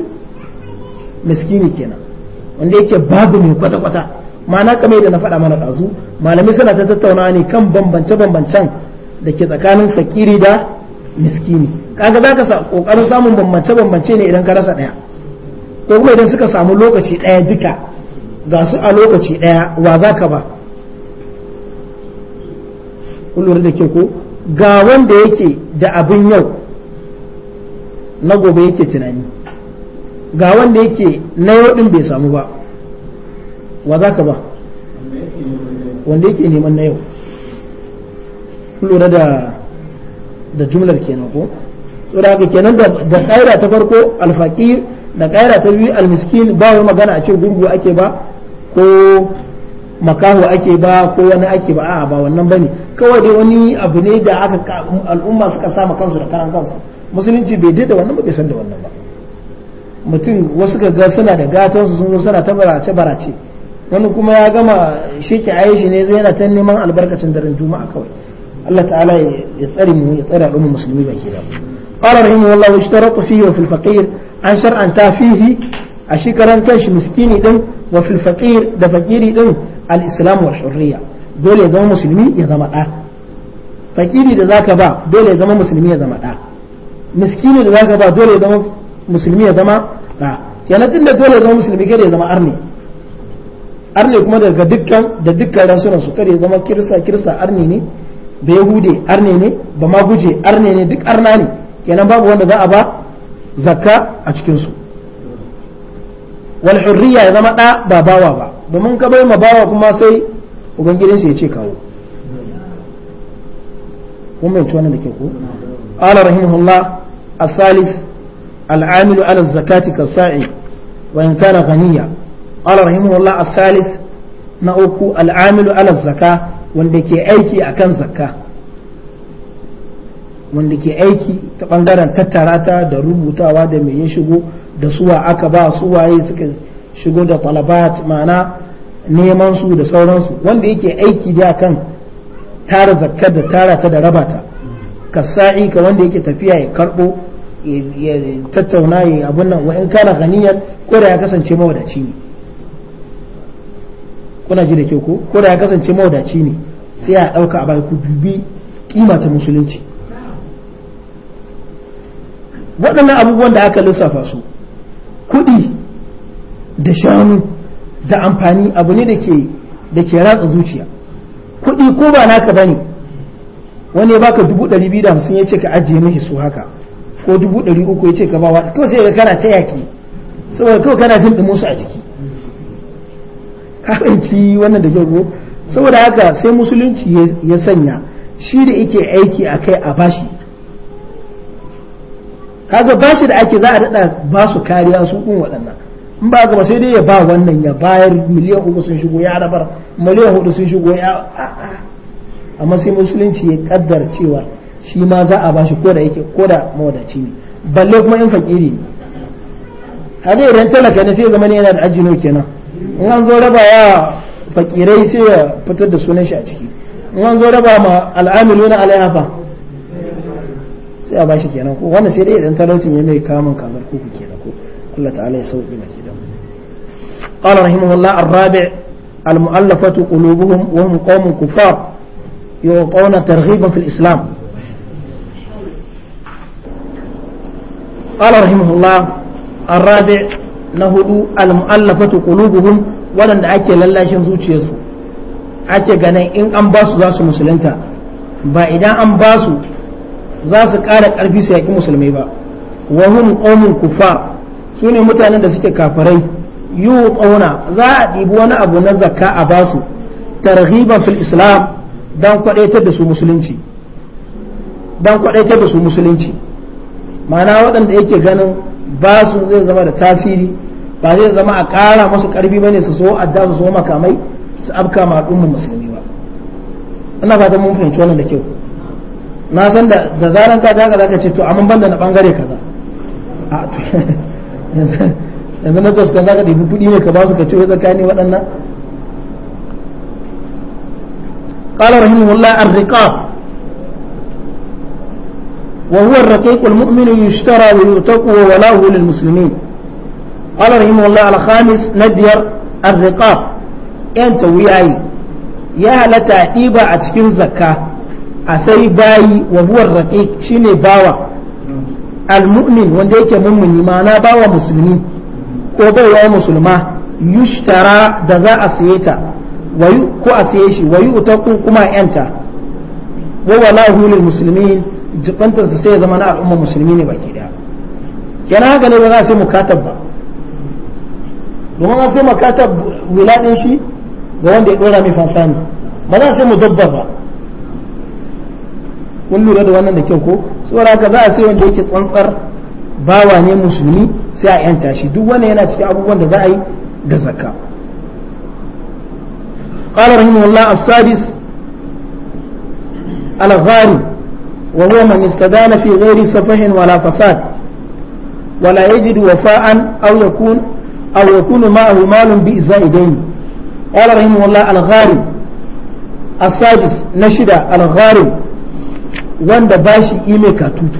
miskini kenan wanda yake babu mai kwata kwata ma'ana kamar da na faɗa mana ɗazu malamai suna ta tattauna ne kan bambance bambancen da ke tsakanin fakiri da miskini kaga za ka kokarin samun bambance bambance ne idan ka rasa ɗaya ko kuma idan suka samu lokaci ɗaya duka ga su a lokaci ɗaya wa za ka ba kullum da ke ko ga wanda yake da abin yau na gobe yake tunani ga wanda yake na yau din bai samu ba wa za ka ba wanda yake neman na yau lura da da jumlar kenan ko saboda kenan da kaira ta farko alfaƙir da kaira ta biyu almiskin ba wai magana a ce gurgu ake ba ko makaho ake ba ko wani ake ba a'a ba wannan bane kawai dai wani abu ne da aka al'umma suka sama kansu da karan kansu musulunci bai da wannan ba bai san da wannan ba mutum wasu ga suna da gatan su sun zo suna ta barace barace wani kuma ya gama sheke ayi shi ne yana ta neman albarkacin daren juma'a kawai Allah ta'ala ya tsare mu ya tsare al'ummar musulmi baki da قال رحمه الله واشترط فيه وفي الفقير أن شرعا فيه أشكرا كنش مسكيني دم وفي الفقير ده فقيري دم الإسلام والحرية دول يزم مسلمي يزم أه فقيري ده ذاك با دول يزم مسلمي يزم أه مسكيني ده ذاك با دول يزم مسلمي يزم أه yana tunda dole ya zama musulmi kada ya zama arni arni kuma daga dukkan da dukkan rasunan su kada ya zama kirista kirista arni ne ba yahude arne ne ba maguje arne ne duk arna ne kenan babu wanda za a ba zakka a cikinsu wal ya zama ɗa ba bawa ba domin ka bai ma bawa kuma sai ubangidansa ya ce kawo kun mai wannan da ke ko ala rahimahullah الثالث العامل على الزكاة كالساعي وإن كان غنيا قال رحمه الله الثالث نأكو العامل على الزكاة وندكي أيكي أكن زكاة wanda ke aiki ta bangaren tattara ta da rubutawa da mai ya shigo da suwa aka ba suwaye suka shigo da talabat ma'ana neman su da sauransu wanda yake aiki da kan tara zakkar da tara ta da raba ta kasa'i ka wanda yake tafiya ya karbo ya tattauna ya abun nan wa in kana ganiyar ko da ya kasance mawadaci ne kuna ji da kyau ko ko da ya kasance mawadaci ne sai a ɗauka a bai ku bibi kima ta musulunci waɗannan abubuwan da aka lissafa su kuɗi da shanu da amfani abu ne da ke ratsa zuciya kuɗi ko ba naka bane wani ya baka dubu ɗari biyu da hamsin ya ce ka ajiye mashi su haka ko dubu ɗari uku ya ce ka bawa kawai sai ka kana ta yaƙi saboda kawai kana jin ɗumin a jiki ka ci wannan da kyau saboda haka sai musulunci ya sanya shi da yake aiki a kai a bashi kaga ba shi da ake za a daɗa ba su kariya su ɗin waɗannan in ba gaba sai dai ya ba wannan ya bayar miliyan uku sun shigo ya rabar miliyan hudu sun shigo ya amma sai musulunci ya kaddar cewa shi ma za a ba shi ko da yake ko da mawadaci ne balle kuma in fakiri ne haka idan talaka ne sai zama ne yana da ajino kenan in an zo raba ya fakirai sai ya fitar da sunan shi a ciki in an zo raba ma al'amiluna alaiha fa sai a bashi kenan ko mai kamun kazar kuku kenan ko Allah ta'ala na hudu al-mu'allafatu qulubuhum wadanda ake lallashin zuciyarsu ake ganin in an basu za musulunta ba idan an basu za su ƙara ƙarfi su yaƙi musulmai ba wa hum qaumun kufar su ne mutanen da suke kafirai yu tsauna za a ɗibi wani abu na zaka a basu targhiban fil islam dan kwadaitar da su musulunci Don kwadaitar da su musulunci ma'ana waɗanda yake ganin basu zai zama da tasiri ba zai zama a ƙara masu ƙarfi bane su so adda su so makamai su afka ma al'ummar musulmi ba ina fatan mun fahimci wannan da kyau na san da zaran ka daga zaka ce to amma banda na bangare kaza a <laughs> yanzu na toskan zaka ɗibi ne ka ba su ka ce wai tsakani waɗannan قال رحمه الله الرقاب وهو الرقيق المؤمن يشترى ويؤتق وولاه للمسلمين قال رحمه الله خامس ندير الرقاب أنت وياي يا لتعيب أتكن زكاه asai bayi wa huwa raqiq shine bawa almu'min wanda yake ma ma'ana bawa musulmi ko wa musulma yushtara da za a saye ta wayu ko a saye shi wayu utaku kuma yanta wa walahu lil muslimin jibantar su sai zama na al'umma musulmi ne baki daya kenan haka ne ba za a sai mukatab ba domin an sai mukatab wiladin shi ga wanda ya dora mai fansani ba za a sai dabba ba kun lura da wannan da kyau ko saboda haka za a sai wanda yake tsantsar bawa ne musulmi sai a yanta shi duk wannan yana cikin abubuwan da za a yi da zakka قال رحمه الله السادس الغاري وهو من استدان في غير سفه ولا فساد ولا يجد وفاء أو يكون أو يكون معه مال بإزاء دين قال رحمه الله الغاري السادس نشد الغاري wanda ba shi ime katutu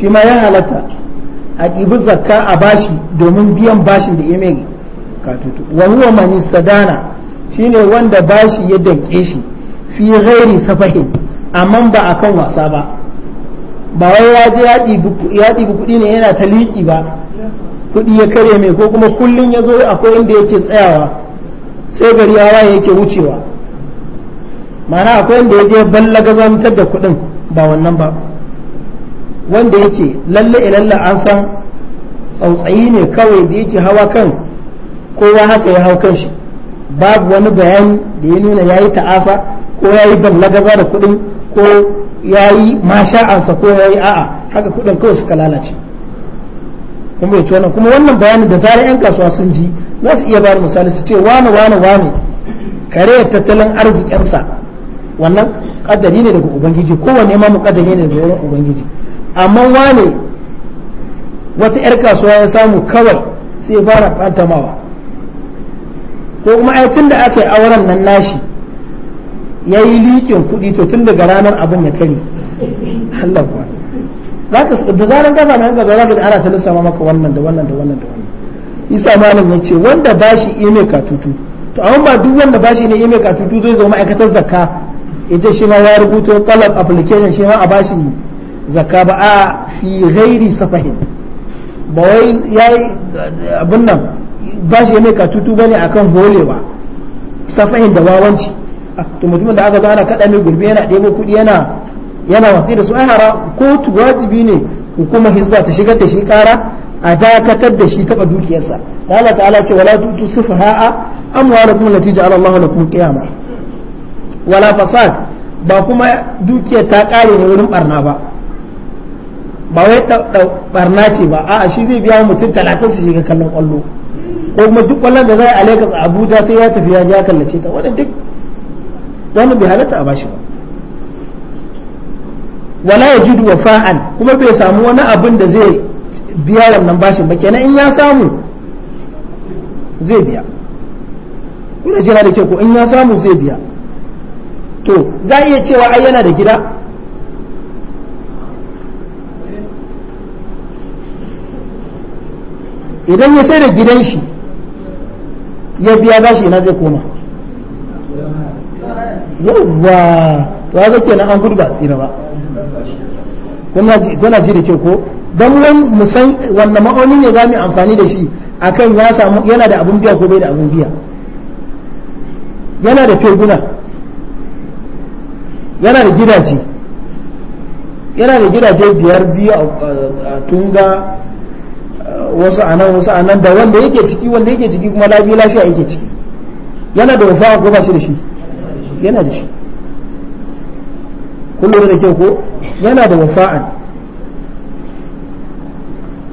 shi ma ya halatta a ɗibi zakka a bashi domin biyan bashin da ime katutu wa huwa man shine wanda bashi ya danke shi fi ghairi safahin amma ba a kan wasa ba ba wai ya je ya ɗibi kuɗi ne yana ta liƙi ba kuɗi ya kare mai ko kuma kullum ya zo akwai inda yake tsayawa sai gari ya waye yake wucewa ma'ana akwai wanda ya je ballagazantar da kuɗin ba wannan ba wanda yake lalle ilalla an san tsautsayi ne kawai da yake hawa kan kowa haka ya hau kan shi babu wani bayani da ya nuna ya yi ta'afa ko ya yi ballagaza da kuɗin ko ya yi masha'ansa ko ya yi a'a haka kuɗin kawai suka lalace kuma ya wannan kuma wannan bayani da zarar 'yan kasuwa sun ji za su iya bani misali su ce wane wane wane kare tattalin arzikinsa wannan kadari ne daga ubangiji kowanne ma kadari ne daga wurin ubangiji amma wane wata yar kasuwa ya samu kawai sai ya fara fantamawa ko kuma ai tun da aka yi auren nan nashi ya yi liƙin kuɗi to tun daga ranar abin ya kare Allah kuwa za ka da zaran ka samu yanka zaura ka ji ana ta ma maka wannan da wannan da wannan da wannan isa malam ya ce wanda bashi iya mai katutu to amma ba duk wanda bashi ne iya mai katutu zai zo ma'aikatar zakka ita shi ma ya rubuto talab application shi ma a bashi zakka ba a fi ghairi safahin ba wai yayi abin nan bashi ne ka tutu bane akan ba safahin da wawanci to mutumin da aka zo ana kada mai gurbi yana debo kudi yana yana wasi da su ai hara kotu wajibi ne hukumar hizba ta shigar da shi kara a dakatar da shi taba dukiyarsa Allah ta'ala ce wala tutu sufaha'a amwalakum lati ja'ala Allahu lakum qiyamah wala fasad ba kuma dukiyar ta kare ne wurin barna ba ba wai barna ce ba a'a shi zai biya mutum talatin su shiga kallon kwallo ko kuma duk kwallon da zai alaika a Abuja sai ya tafi ya ja kallace ta wannan duk wani bai halatta a bashi ba wala yajidu wafa'an kuma bai samu wani abin da zai biya wannan bashin ba kenan in ya samu zai biya kuna jira da kyau ko in ya samu zai biya to za a iya cewa ai yana da gida idan ya sai da gidan shi ya biya shi ina zai koma yawwa to haka kenan an gurba tsira ba kuna ji da kyau ko don wani wannan ma'auni ne za mu amfani da shi akan ya samu yana da abin biya ko bai da abin biya yana da firguna. yana da gidaje yana da gidaje biyar biyu a tunga wasu a nan wasu a nan da wanda yake ciki wanda yake ciki kuma lafiya lafiya yake ciki yana da wafa ko ba shi da shi yana da shi kullum da kyau ko yana da wafa'an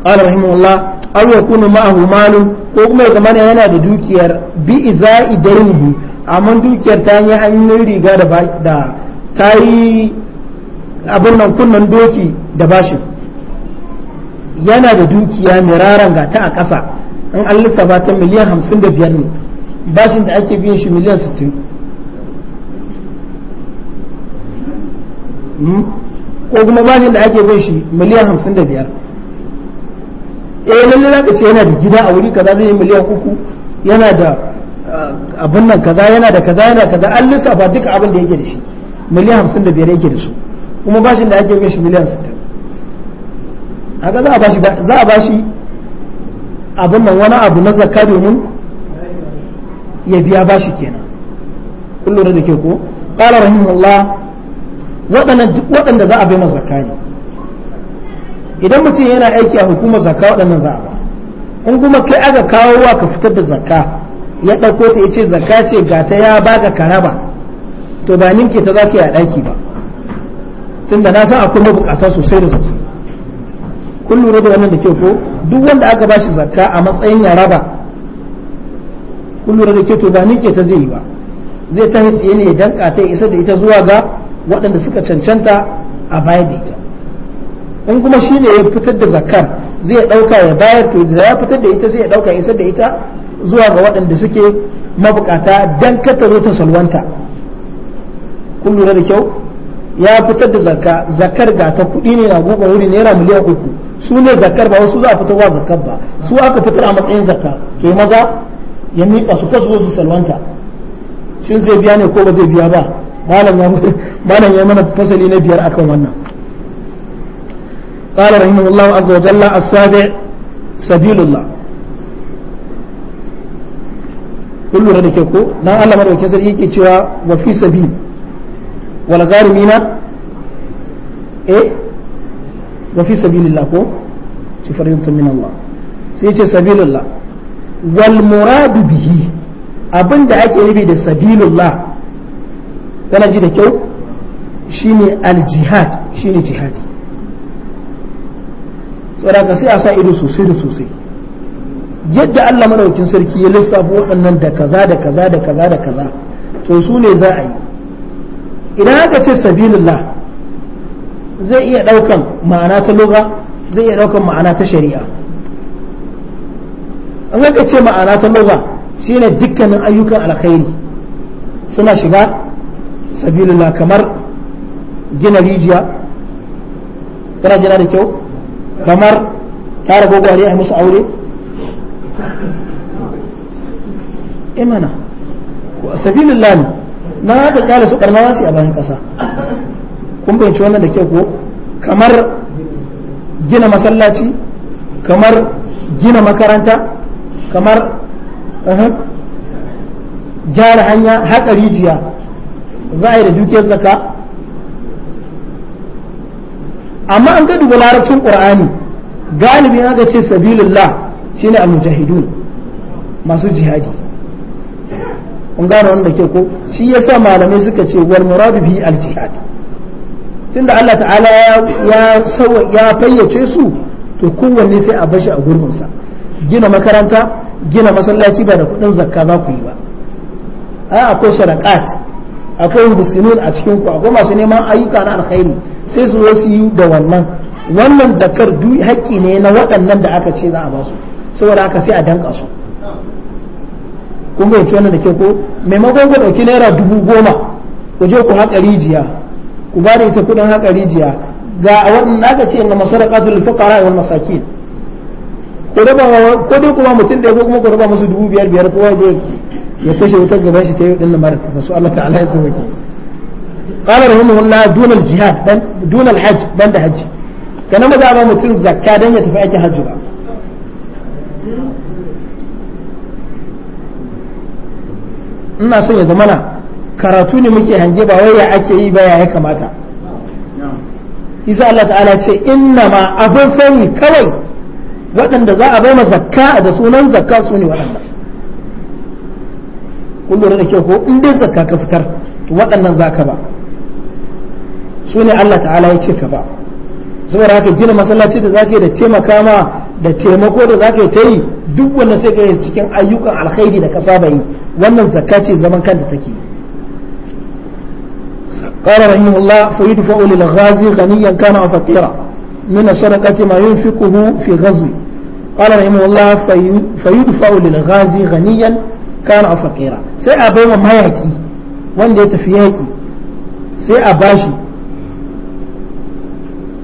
قال رحمه الله أو يكون معه مال ko kuma ya zamana yana da dukiyar bi iza'i dainihi amma dukiyar ta yi hanyoyin riga da ta yi abin nan kunnan doki da bashin yana da dukiya miraran ga ta a ƙasa in an lissafa ta miliyan hamsin da biyar ne bashin da ake biyan shi miliyan sittin hmm? ko kuma bashin da ake biyan shi miliyan hamsin da biyar eh lallai za ka ce yana da gida a wuri kaza zai yi miliyan uku yana da ah, abin nan kaza yana da kaza yana da kaza an lissafa duka abin da yake da shi miliyan hamsin da biyar yake da su kuma bashin da ake shi miliyan sittin haka za a bashi za a bashi abin nan wani abu na zakka domin ya biya bashi kenan kun lura da ke ko qala rahimahullah waɗannan duk waɗanda za a bai zakka ne idan mutum yana aiki a hukumar zakka waɗannan za a ba in kuma kai aka kawo wa ka fitar da zakka ya ɗauko ta ya ce zakka ce ga ta ya baka karaba to ba ninke ta za ka yi a ɗaki ba tunda na san akwai mabukata sosai da sosai kun lura da wannan da ke ko duk wanda aka bashi zakka a matsayin ya raba kun lura da ke to ba ninke ta zai yi ba zai ta tsaye ne dan ta isa da ita zuwa ga waɗanda suka cancanta a baya da ita in kuma shi ne ya fitar da zakkar zai ɗauka ya bayar to da ya fitar da ita zai ɗauka ya isar da ita zuwa ga waɗanda suke mabukata dan kata ta salwanta kun lura da kyau ya fitar da zakka zakar ga ta kuɗi ne na goma wuri naira miliyan uku su ne zakar ba wasu za a fitarwa zakar ba su aka fitar a matsayin zakka to maza ya miƙa su kasu su salwanta shin zai biya ne ko ba zai biya ba malam ya <laughs> mana fasali na biyar akan wannan قال رحمه الله عز وجل السابع سبيل الله كل هذا كيكو نا الله مدوكي ke cewa وفي سبيل wal gharimina eh wa fi sabilillah ko ci fariyatun min Allah sai ce sabilillah wal muradu bihi abinda ake nufi da sabilillah kana ji da kyau shine al jihad shine jihadi saboda sai a sa ido sosai da sosai yadda Allah madaukin sarki ya lissafa waɗannan da kaza da kaza da kaza da kaza to su ne za a yi idan aka ce sabilillah zai iya ɗaukan ma'ana ta lugha zai iya ɗaukan ma'ana ta shari'a an aka ce ma'ana ta lugha shine dukkanin ayyukan alkhairi suna shiga sabilillah kamar gina rijiya kana da kyau kamar tara gogware a musu aure imana eh sabilillah ne Na haka kyale su karma su a bayan kasa kun fahimci wannan da ke ko kamar gina masallaci kamar gina makaranta kamar uh-huh, gyara hanya haƙa rijiya za a yi da dukiyar zaka amma an ga duba larabcin ƙur'ani galibi ga ce sabilillah shine al-mujahidun masu jihadi kun gane wanda ke ko shi yasa malamai suka ce wal muradu bihi al jihad tunda Allah ta'ala ya ya fayyace su to kowanne sai a bashi a gurbin sa gina makaranta gina masallaci ba da kudin zakka za ku yi ba a akwai sharakat akwai musulmin a cikin ku akwai masu neman ayyuka na alkhairi sai su zo su yi da wannan wannan zakar duk haƙƙi ne na waɗannan da aka ce za a ba su saboda haka sai a danka su kun bai wannan da ke ko maimakon ku ɗauki naira dubu goma ku je ku haƙa rijiya ku ba da ita kuɗin haƙa rijiya ga a wannan aka ce na masarakatul fuqara wal masakin ko da ko dai kuma mutum da ya kuma ku raba musu dubu biyar biyar kowa je ya kashe wutar gaban shi ta yi ɗin mara ta su Allah ta'ala ya sauke قال رحمه الله دون الجهاد دون الحج بند حج كان ماذا mutum zakka dan ya tafi aikin hajji ba ina son ya zamana karatu ne muke hange ba wai ya ake yi ba ya kamata isa Allah ta'ala ce inna ma abin sani kawai waɗanda za a bai ma zakka da sunan zakka su ne waɗanda kun lura da kyau ko in dai zakka ka fitar to waɗannan za ka ba su ne Allah ta'ala ya ce ka ba saboda haka gina masallaci da zaka yi da taimaka ma da taimako da zaka yi ta yi duk wanda sai kai cikin ayyukan alkhairi da ka saba yi wannan zakka ce zaman kanta take قال رحمه الله فيدفع للغازي غنيا كان او فقيرا من الصدقة ما ينفقه في غزو قال رحمه الله فيدفع للغازي غنيا كان او فقيرا سي ما wanda ya tafi yaki sai a bashi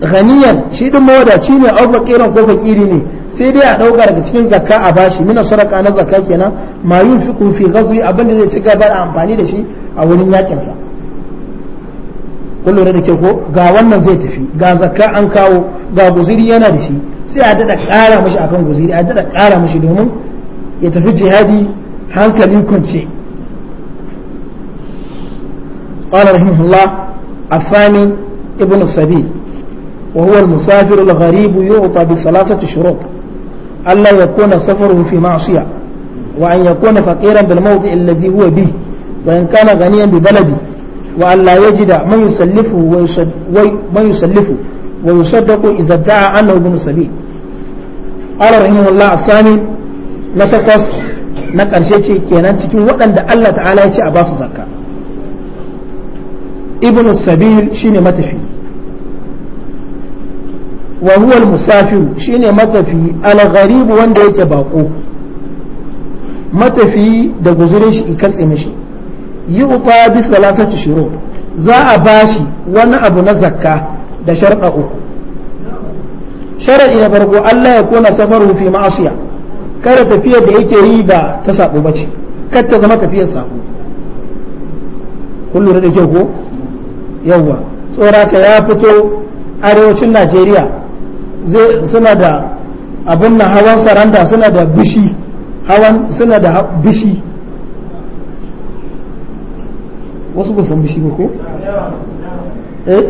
ghaniyan shi din mawadaci ne au faqiran ko fakiri ne sai dai a dauka daga cikin zakka a bashi mina sadaka na zakka kenan ma yunfiqu fi ghazwi abin da zai ci gaba da amfani da shi a wurin yakin sa da ke ko ga wannan zai tafi ga zakka an kawo ga guziri yana da shi sai a dada ƙara mashi akan guziri a dada ƙara mashi domin ya tafi jihadi hankali kunce قال رحمه الله الثاني ابن السبيل وهو المسافر الغريب يعطى بثلاثة شروط ألا يكون سفره في معصية وأن يكون فقيرا بالموضع الذي هو به وإن كان غنيا ببلده وأن لا يجد من يسلفه ومن يسلفه ويصدق إذا ادعى عنه ابن سبيل قال رحمه الله الثاني نتقص نكرشيتي كينان تكون وأن الله تعالى يتي أباس زكاة ابن السبيل شيني متفي wa huwa shine matafi al wanda yake bako matafi da guzurin shi katse mishi yi uta bi salatati shurut za a bashi wani abu na zakka da sharda uku sharaɗi na farko Allah ya kona safaru fi ma'asiya kada tafiyar da yake yi ba ta sabo bace kada ta zama tafiyar sabo kullu da kyau ko yawwa tsoraka ya fito arewacin Najeriya suna da abin na hawan saranda suna da bishi hawan suna da bishi wasu ba san bishi ba ko eh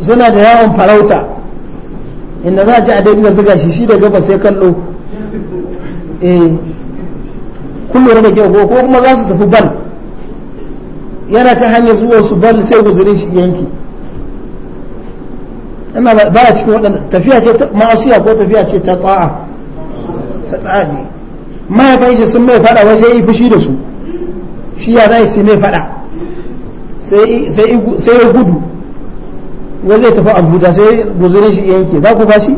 suna da yawon farauta inda za a ji a daidai zuga shi shi da gaba sai kallo eh kun lura da kyau ko kuma za su tafi bal yana ta hanyar zuwa su bal sai guzurin shi yanki amma ba a cikin waɗanda tafiya ce ta ma'asiya ko tafiya ce ta ta'a ta ta'a ne mahaifan shi sun mai faɗa wai sai yi fushi da su shi ya zai su mai faɗa sai ya gudu wanda ya tafi abuja sai guzurin shi yanke za ku bashi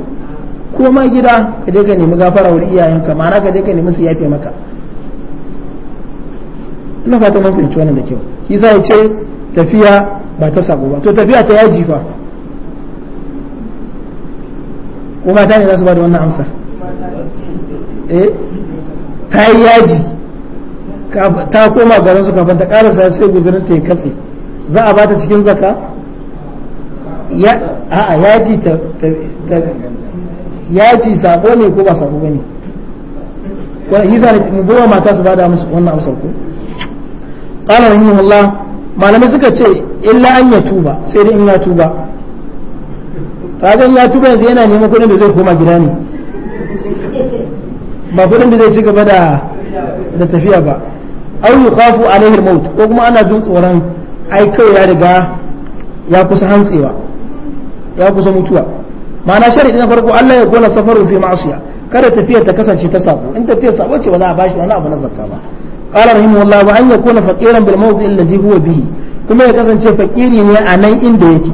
ko ma gida ka je ka nemi gafara wani iyayenka ma'ana ka je ka nemi su yafe maka ina fata mafi fahimci wannan da kyau yasa ya ce tafiya ba ta sabo ba to tafiya ta yaji fa ko mata ne za su ba da wannan amsa eh, ta yi yaji ta koma garin su kafin ta karasa sai guzurin ta yi katse za a bata cikin zaka ya yaji ta yaji sabo ne ko ba sabo bane ko hisa ne mu goma mata su bada musu wannan amsar ko yi rahimahullah malamai suka ce illa an ya tuba sai dai in ya tuba kagan ya tuba yanzu yana neman kuɗin da zai koma gida ne ba kuɗin da zai ci gaba da da tafiya ba aw yukhafu alaihi al ko kuma ana jin tsoron ai kai ya riga ya kusa hantsewa ya kusa mutuwa ma'ana sharadi na farko Allah ya kona safaru fi ma'asiya kada tafiyar ta kasance ta sabo in tafiyar sabo ce ba za a bashi wani abu na zakka ba qala rahimahullah wa an yakuna faqiran bil mawdi alladhi huwa bihi kuma ya kasance fakiri ne a nan inda yake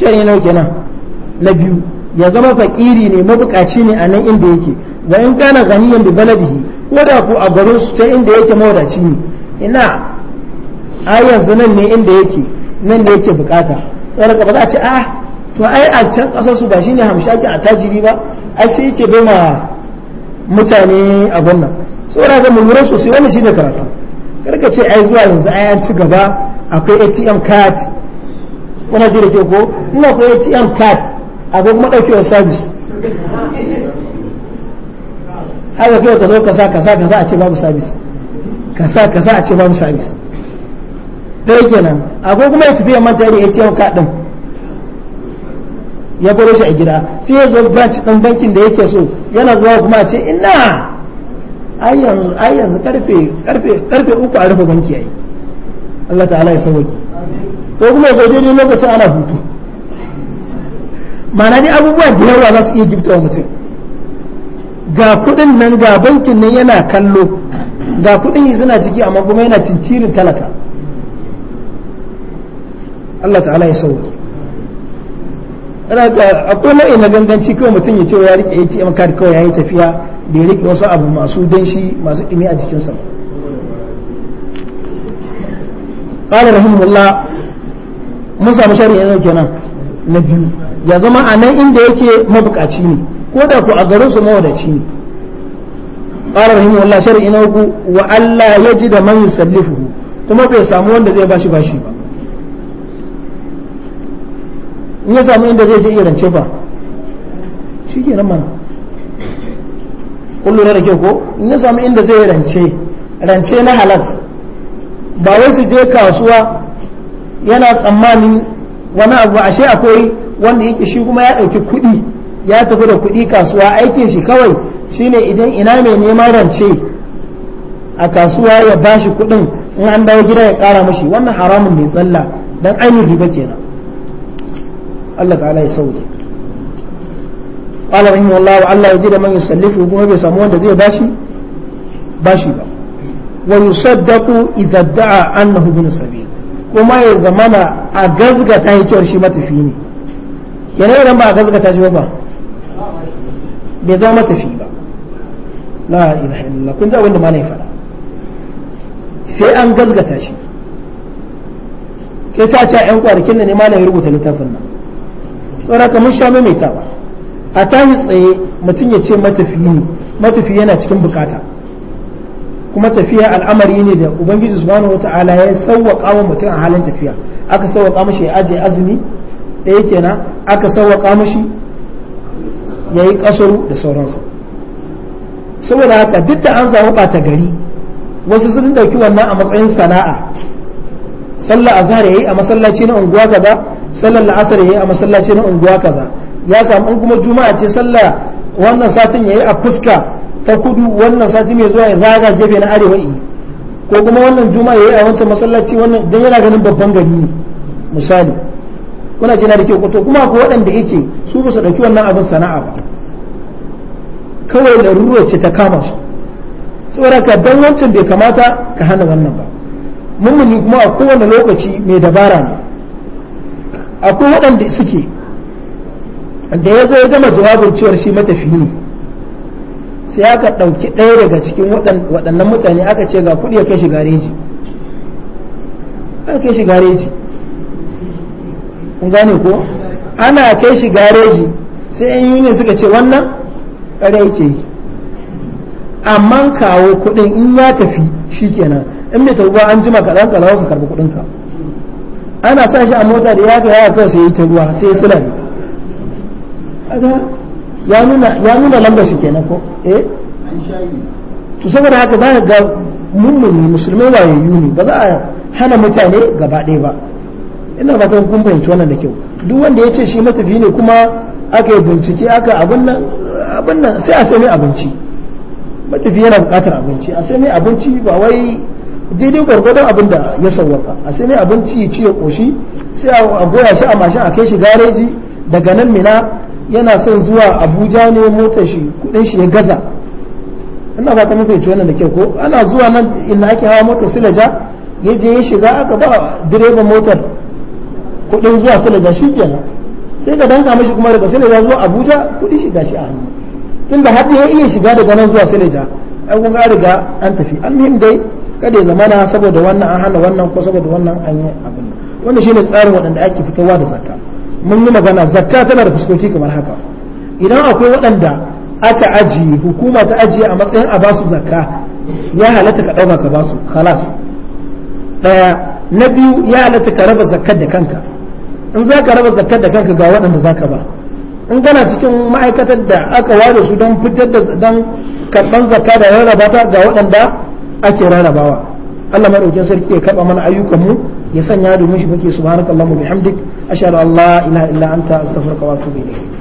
shari'i nawa kenan na biyu ya zama fakiri ne mabukaci ne a nan inda yake wa in kana ganiyan bi baladihi ko da ku a garin su ta inda yake mawadaci ne ina a yanzu nan ne inda yake nan da yake bukata ka ba za a ce ah to ai a can kasar su ba ne hamshaki a tajiri ba ai sai yake bai ma mutane abin nan da ga mu lura sosai wannan shine karatu karka ce ai zuwa yanzu ai an ci gaba akwai ATM card wani ji da ke ko ina ko ATM card akwai kuma wa service haka kai wata zo kasa kasa kasa a ce babu service Kasa kasa a ce babu service ɗaya kenan akwai kuma ya tafi ya manta da ATM card din ya baro shi a gida sai ya zo branch ɗin bankin da yake so yana zuwa kuma a ce ina ai yanzu karfe karfe karfe uku a rufe banki yayi Allah ta'ala ya sauke ko kuma ko daidai lokacin ana hutu ma'ana dai abubuwa da yawa za su iya gifta wa mutum ga kuɗin nan ga bankin nan yana kallo ga kuɗin suna ciki amma kuma yana cincirin talaka Allah ta'ala ya sauke akwai nau'i na ganganci kawai mutum ya ce ya rike ATM card kawai ya yi tafiya da ya rike wasu abu masu danshi masu ɗumi a jikinsa قال رحمه الله mun samu shari'a ke kenan na biyu ya zama a nan inda yake mabukaci ne ko da ku a garin su mawadaci ne qala rahimahullah shari'a na uku wa Allah ya ji da man yusallifu kuma bai samu wanda zai bashi bashi ba in ya samu inda zai je shi ke nan mana kullu da ke ko in ya samu inda zai rance rance na halas ba wai su je kasuwa yana tsammanin wani abu ashe akwai wanda yake shi kuma ya ɗauki kuɗi ya tafi da kuɗi kasuwa aikin shi kawai shine idan ina mai neman rance a kasuwa ya bashi kuɗin in an dawo gida ya ƙara mashi wannan haramun mai tsalla don ainihin riba kenan Allah ta'ala ya sauke rahimu Allah Allah ya ji da man yusallifu kuma bai samu wanda zai bashi bashi ba wa yusaddaqu idza annahu bin sabil kuma ya zamana a gazgata ya cewar shi matafi ne yana idan ba a gazgata shi ba bai zama matafi ba la ilaha illallah kun ji abin da mana ya faɗa sai an gazgata shi sai ta ce yan kwanakin da ne mana ya rubuta littafin nan tsora kamar sha maimaitawa a tashi tsaye mutum ya ce matafi ne matafi yana cikin bukata kuma tafiya al'amari ne da ubangiji subhanahu wata'ala ya sauwaƙa wa mutum a halin tafiya aka sauwaƙa mashi ya aje azumi ɗaya kenan aka sauwaƙa mashi ya yi ƙasaru da sauransu saboda haka duk da an samu ɓata gari wasu sun ɗauki wannan a matsayin sana'a sallar azhar yayi a masallaci na unguwa kaza sallar la'asar yayi a masallaci na unguwa kaza ya samu in kuma juma'a ce sallah wannan satin yayi a fuska ta kudu wannan sati mai zuwa ya zaga gefe na arewa yi ko kuma wannan juma'a yayi a wancan masallaci wannan dan yana ganin babban gari ne misali kuna jina da kyau to kuma ko waɗanda yake su ba su ɗauki wannan abin sana'a ba kawai larura ce ta kama su saboda ka dan wancan bai kamata ka hana wannan ba mummuni kuma a kowane lokaci mai dabara ne akwai waɗanda suke da ya zo ya gama jawabin cewar shi matafiyi ne sai aka ɗauki ɗaya daga cikin waɗannan mutane aka ce ga kuɗi ya kai shi gareji aka kai shi gareji kun gane ko ana kai shi gareji sai yan yuni suka ce wannan ƙare yake yi amma kawo kuɗin in ya tafi shi kenan in bai tafi ba an jima kaɗan kalawa ka karɓi kuɗinka ana sa shi a mota da ya kai ya kai sai yi ta ruwa sai ya sula ne ya nuna lambar shi kenan ko eh to saboda haka za ka ga mummuni musulmai waye ne ba za a hana mutane gaba ɗaya ba ina ba ta kun fahimci wannan da kyau duk wanda ya ce shi matafi ne kuma aka yi bincike aka abin nan abin nan sai a sai mai abinci matafi yana buƙatar abinci a sai mai abinci ba wai daidai gwargwadon abin da ya sauwaka a sai mai abinci ya ci ya sai a goya shi a mashin a kai shi gareji daga nan mina yana son zuwa abuja ne motar shi kudin shi ya gaza ina ba ta yi wannan da ke ko ana zuwa nan inda ake hawa motar silaja ya je ya shiga aka ba direban motar kudin zuwa silaja shi nan sai ka danka mashi kuma daga silaja zuwa abuja kudin shiga shi a hannu Tun da har ya iya shiga daga nan zuwa silaja an kun riga an tafi an muhim dai kada ya zamana saboda wannan an hana wannan ko saboda wannan an yi abin wannan shine tsarin waɗanda ake fitowa da zakka mun yi magana zakka tana da fuskoki kamar haka idan akwai waɗanda aka ajiye hukuma ta ajiye a matsayin a basu zakka ya halatta ka ɗauka ka basu khalas ɗaya na biyu ya halatta ka raba zakkar da kanka in za ka raba zakkar da kanka ga waɗanda za ka ba in kana cikin ma'aikatar da aka ware su don fitar da don karɓar zakka da rarraba ta ga waɗanda ake rarrabawa Allah maɗaukin sarki ya karɓa mana ayyukanmu ya sanya domin shi muke subhanakallahumma bihamdik ashhadu an la ilaha illa anta astaghfiruka wa atubu ilayk